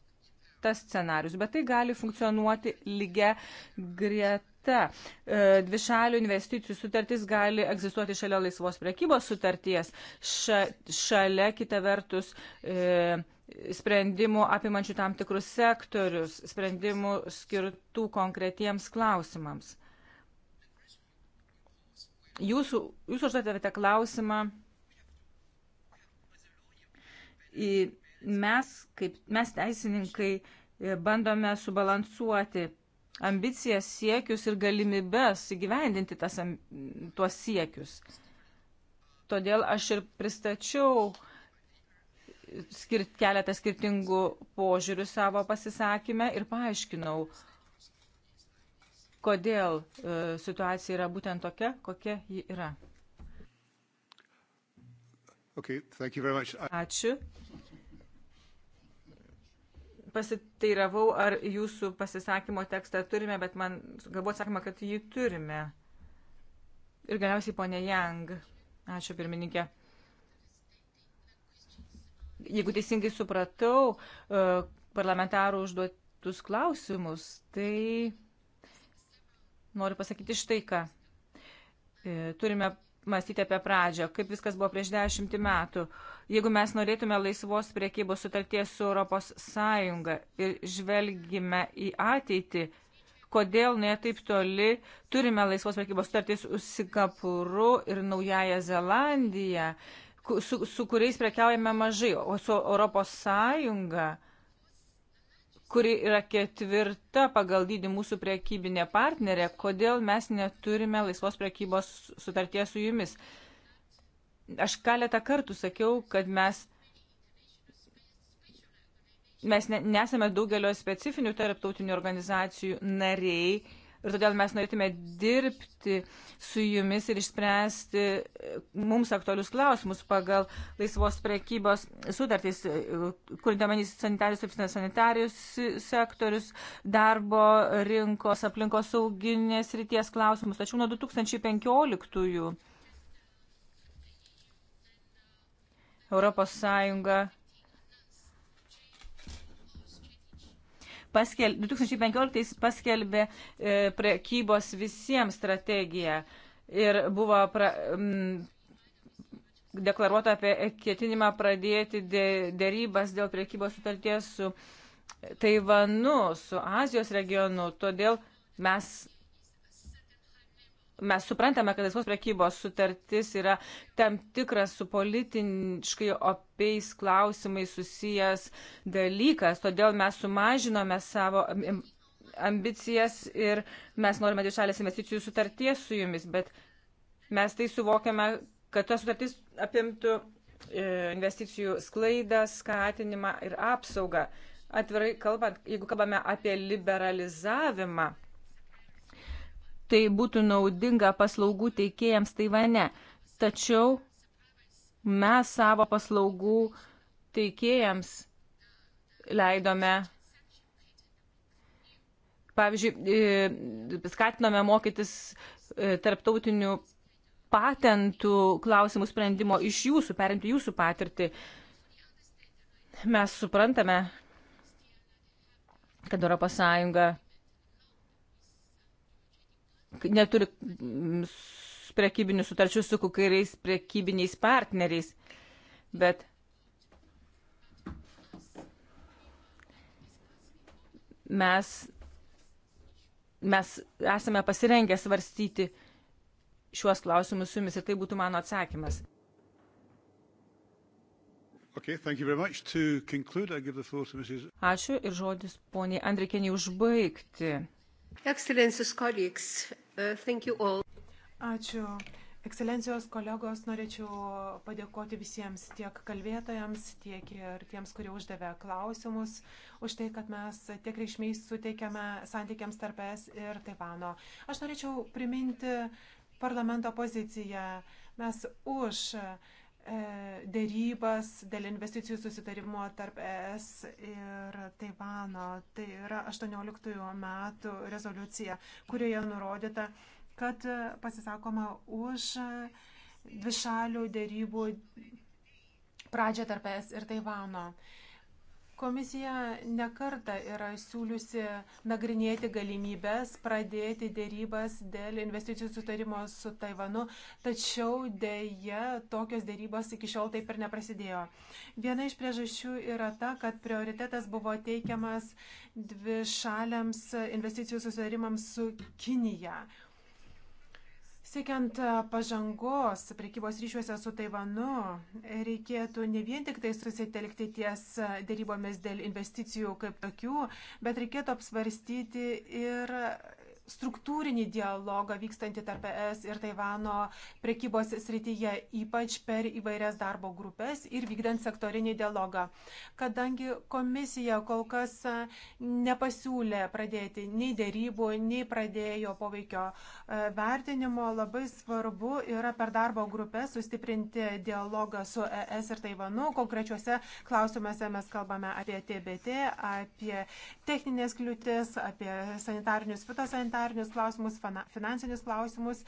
tas scenarius, bet tai gali funkcionuoti lygia greta greta. E, dvišalių investicijų sutartis gali egzistuoti šalia laisvos prekybos sutarties, ša, šalia kita vertus. E, sprendimų apimančių tam tikrus sektorius, sprendimų skirtų konkretiems klausimams. Jūsų, jūs užduotėte klausimą mes, kaip mes teisininkai, e, bandome subalansuoti ambicijas, siekius ir galimybes įgyvendinti tas, tuos siekius. Todėl aš ir pristačiau skirt, keletą skirtingų požiūrių savo pasisakymę ir paaiškinau, kodėl e, situacija yra būtent tokia, kokia ji yra. Okay, I... Ačiū pasiteiravau, ar jūsų pasisakymo tekstą turime, bet man galbūt sakoma, kad jį turime. Ir galiausiai ponė Jang. Ačiū pirmininkė. Jeigu teisingai supratau e, parlamentarų užduotus klausimus, tai noriu pasakyti štai ką. E, turime mąstyti apie pradžią, kaip viskas buvo prieš dešimtį metų. Jeigu mes norėtume laisvos priekybos sutarties su ES ir žvelgime į ateitį, kodėl ne taip toli turime laisvos priekybos sutartys su Singapūru ir Naująją Zelandiją, su, su kuriais prekiaujame mažai, o su ES kuri yra ketvirta pagal dydį mūsų prekybinė partnerė, kodėl mes neturime laisvos prekybos sutarties su jumis. Aš keletą kartų sakiau, kad mes, mes ne, nesame daugelio specifinių tarptautinių organizacijų nariai ir todėl mes norėtume dirbti su jumis ir išspręsti e, mums aktualius klausimus pagal laisvos prekybos sutartys, e, kur domenys sanitarius ir sanitarius e, sektorius, darbo rinkos, aplinkos sauginės ryties klausimus. Tačiau nuo 2015 Europos Sąjunga paskel, 2015 paskelbė e, prekybos visiems strategiją ir buvo pra, m, mm, deklaruota apie ketinimą pradėti dė, dėrybas dėl prekybos sutarties su Taivanu, su Azijos regionu. Todėl mes mes suprantame, kad laisvos prekybos sutartis yra tam tikras su politiškai opiais klausimais susijęs dalykas, todėl mes sumažinome savo ambicijas ir mes norime dvišalės investicijų sutarties su jumis, bet mes tai suvokiame, kad ta sutartis apimtų e, investicijų sklaidą, skatinimą ir apsaugą. Atvirai kalbant, jeigu kalbame apie liberalizavimą, tai būtų naudinga paslaugų teikėjams Taivane. Tačiau mes savo paslaugų teikėjams leidome, pavyzdžiui, e, skatinome mokytis e, tarptautinių patentų klausimų sprendimo iš jūsų, perimti jūsų patirtį. Mes suprantame, kad ES neturi mm, prekybinių sutarčių su kokiais prekybiniais partneriais. Bet mes, mes esame pasirengę svarstyti šiuos klausimus su jumis ir tai būtų mano atsakymas. Okay, conclude, Ačiū ir žodis poniai Andrikeniai užbaigti. Excellencijos kolegos, uh, thank you all. Ačiū. Ekscelencijos kolegos, norėčiau padėkoti visiems tiek kalbėtojams, tiek ir tiems, kurie uždavė klausimus, už tai, kad mes tiek reikšmiai suteikiame santykiams tarp es ir Taivano. Aš norėčiau priminti parlamento poziciją. Mes už uh, E, dėrybas dėl investicijų susitarimo tarp ES ir Taivano. Tai yra 18 metų rezoliucija, kurioje nurodyta, kad pasisakoma už dvišalių dėrybų pradžią tarp ES ir Taivano. Komisija nekarta yra siūliusi nagrinėti galimybės pradėti dėrybas dėl investicijų sutarimo su Taivanu, tačiau dėja tokios dėrybos iki šiol taip ir neprasidėjo. Viena iš priežasčių yra ta, kad prioritetas buvo teikiamas dvi šaliams investicijų sutarimams su Kinija. Siekiant e, pažangos prekybos ryšiuose su Taivanu, reikėtų ne vien tik tai susitelkti ties e, dėrybomis dėl investicijų kaip tokių, bet reikėtų apsvarstyti ir struktūrinį dialogą vykstantį tarp ES ir Taivano prekybos srityje, ypač per įvairias darbo grupės ir vykdant sektorinį dialogą. Kadangi komisija kol kas e, nepasiūlė pradėti nei dėrybų, nei pradėjo poveikio e, vertinimo, labai svarbu yra per darbo grupę sustiprinti dialogą su ES ir Taivanu. Konkrečiuose klausimuose mes kalbame apie TBT, apie techninės kliūtis, apie sanitarinius, fitosanitarinius humanitarinius klausimus, finansinius klausimus,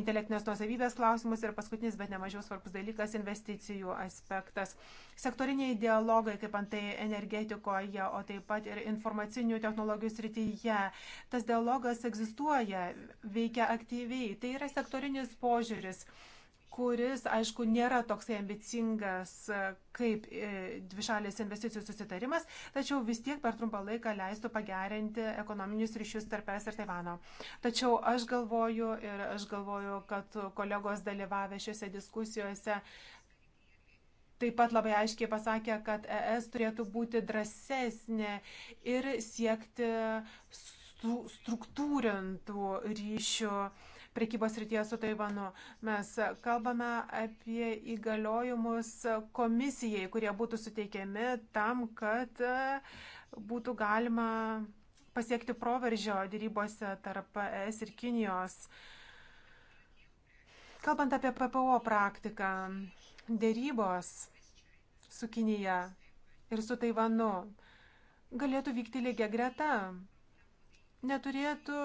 intelektinės nuosavybės klausimus ir paskutinis, bet nemažiau svarbus dalykas - investicijų aspektas. Sektoriniai dialogai, kaip antai energetikoje, o taip pat ir informacinių technologijų srityje. Tas dialogas egzistuoja, veikia aktyviai. Tai yra sektorinis požiūris kuris, aišku, nėra toksai ambicingas e, kaip e, dvišalės investicijų susitarimas, tačiau vis tiek per trumpą laiką leistų pagerinti ekonominius ryšius tarp es ir Taivano. Tačiau aš galvoju ir aš galvoju, kad kolegos dalyvavę šiuose diskusijuose taip pat labai aiškiai pasakė, kad ES turėtų būti drąsesnė ir siekti struktūrintų ryšių prekybos rytyje su Taivanu. Mes kalbame apie įgaliojimus komisijai, kurie būtų suteikiami tam, kad e, būtų galima pasiekti proveržio dėrybose tarp ES ir Kinijos. Kalbant apie PPO praktiką, dėrybos su Kinija ir su Taivanu galėtų vykti lygia greta neturėtų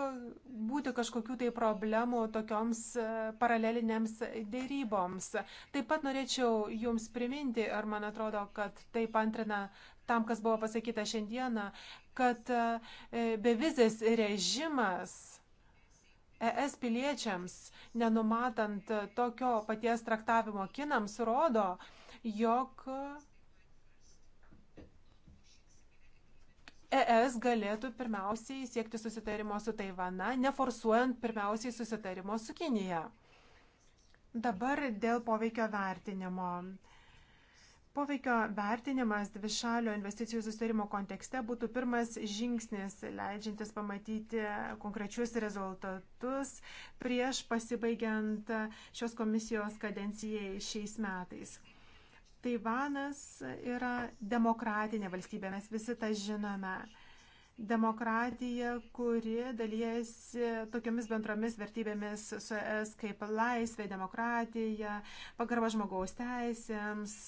būti kažkokių tai problemų tokioms e, paralelinėms dėryboms. Taip pat norėčiau Jums priminti, ir man atrodo, kad tai pantrina tam, kas buvo pasakyta šiandieną, kad e, e, bevizės režimas ES piliečiams, nenumatant tokio paties traktavimo kinams, rodo, jog ES galėtų pirmiausiai siekti susitarimo su Taivana, neforsuojant pirmiausiai susitarimo su Kinija. Dabar dėl poveikio vertinimo. Poveikio vertinimas dvišalio investicijų susitarimo kontekste būtų pirmas žingsnis, leidžiantis pamatyti konkrečius rezultatus prieš pasibaigiant šios komisijos kadencijai šiais metais. Taivanas yra demokratinė valstybė, mes visi tą žinome. Demokratija, kuri dalyjasi tokiamis bendromis vertybėmis su es kaip laisvė, demokratija, pagarba žmogaus teisėms,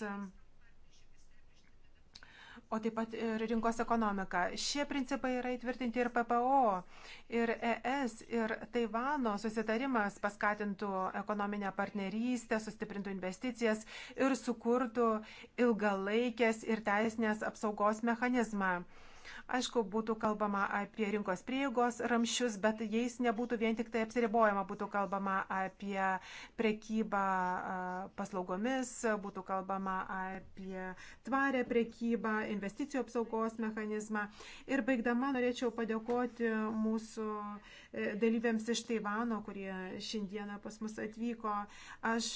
o taip pat ir rinkos ekonomika. Šie principai yra įtvirtinti ir PPO, ir ES, ir Taivano susitarimas paskatintų ekonominę partnerystę, sustiprintų investicijas ir sukurtų ilgalaikės ir teisinės apsaugos mechanizmą. Aišku, būtų kalbama apie rinkos prieigos ramščius, bet jais nebūtų vien tik tai apsiribojama, būtų kalbama apie prekybą paslaugomis, būtų kalbama apie tvarę prekybą, investicijų apsaugos mechanizmą. Ir baigdama norėčiau padėkoti mūsų e, dalyviams iš Taivano, kurie šiandieną pas mus atvyko. Aš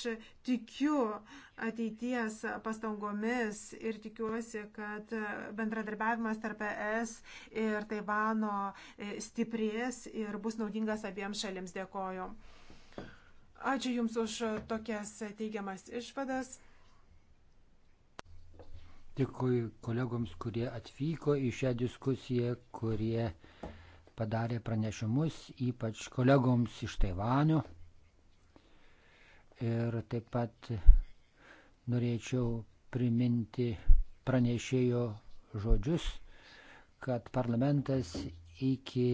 tikiu ateities pastangomis ir tikiuosi, kad bendradarbiavimas tarp ES ir Taivano e, stiprės ir bus naudingas abiems šalims. Dėkoju. Ačiū Jums už tokias teigiamas išvadas. Dėkuoju kolegoms, kurie atvyko į šią diskusiją, kurie padarė pranešimus, ypač kolegoms iš Taivanių. Ir taip pat norėčiau priminti pranešėjo žodžius kad parlamentas iki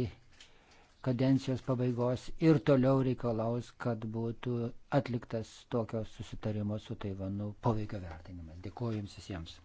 kadencijos pabaigos ir toliau reikalaus, kad būtų atliktas tokio susitarimo su Taivanu poveikio vertinimas. Dėkuoju Jums visiems.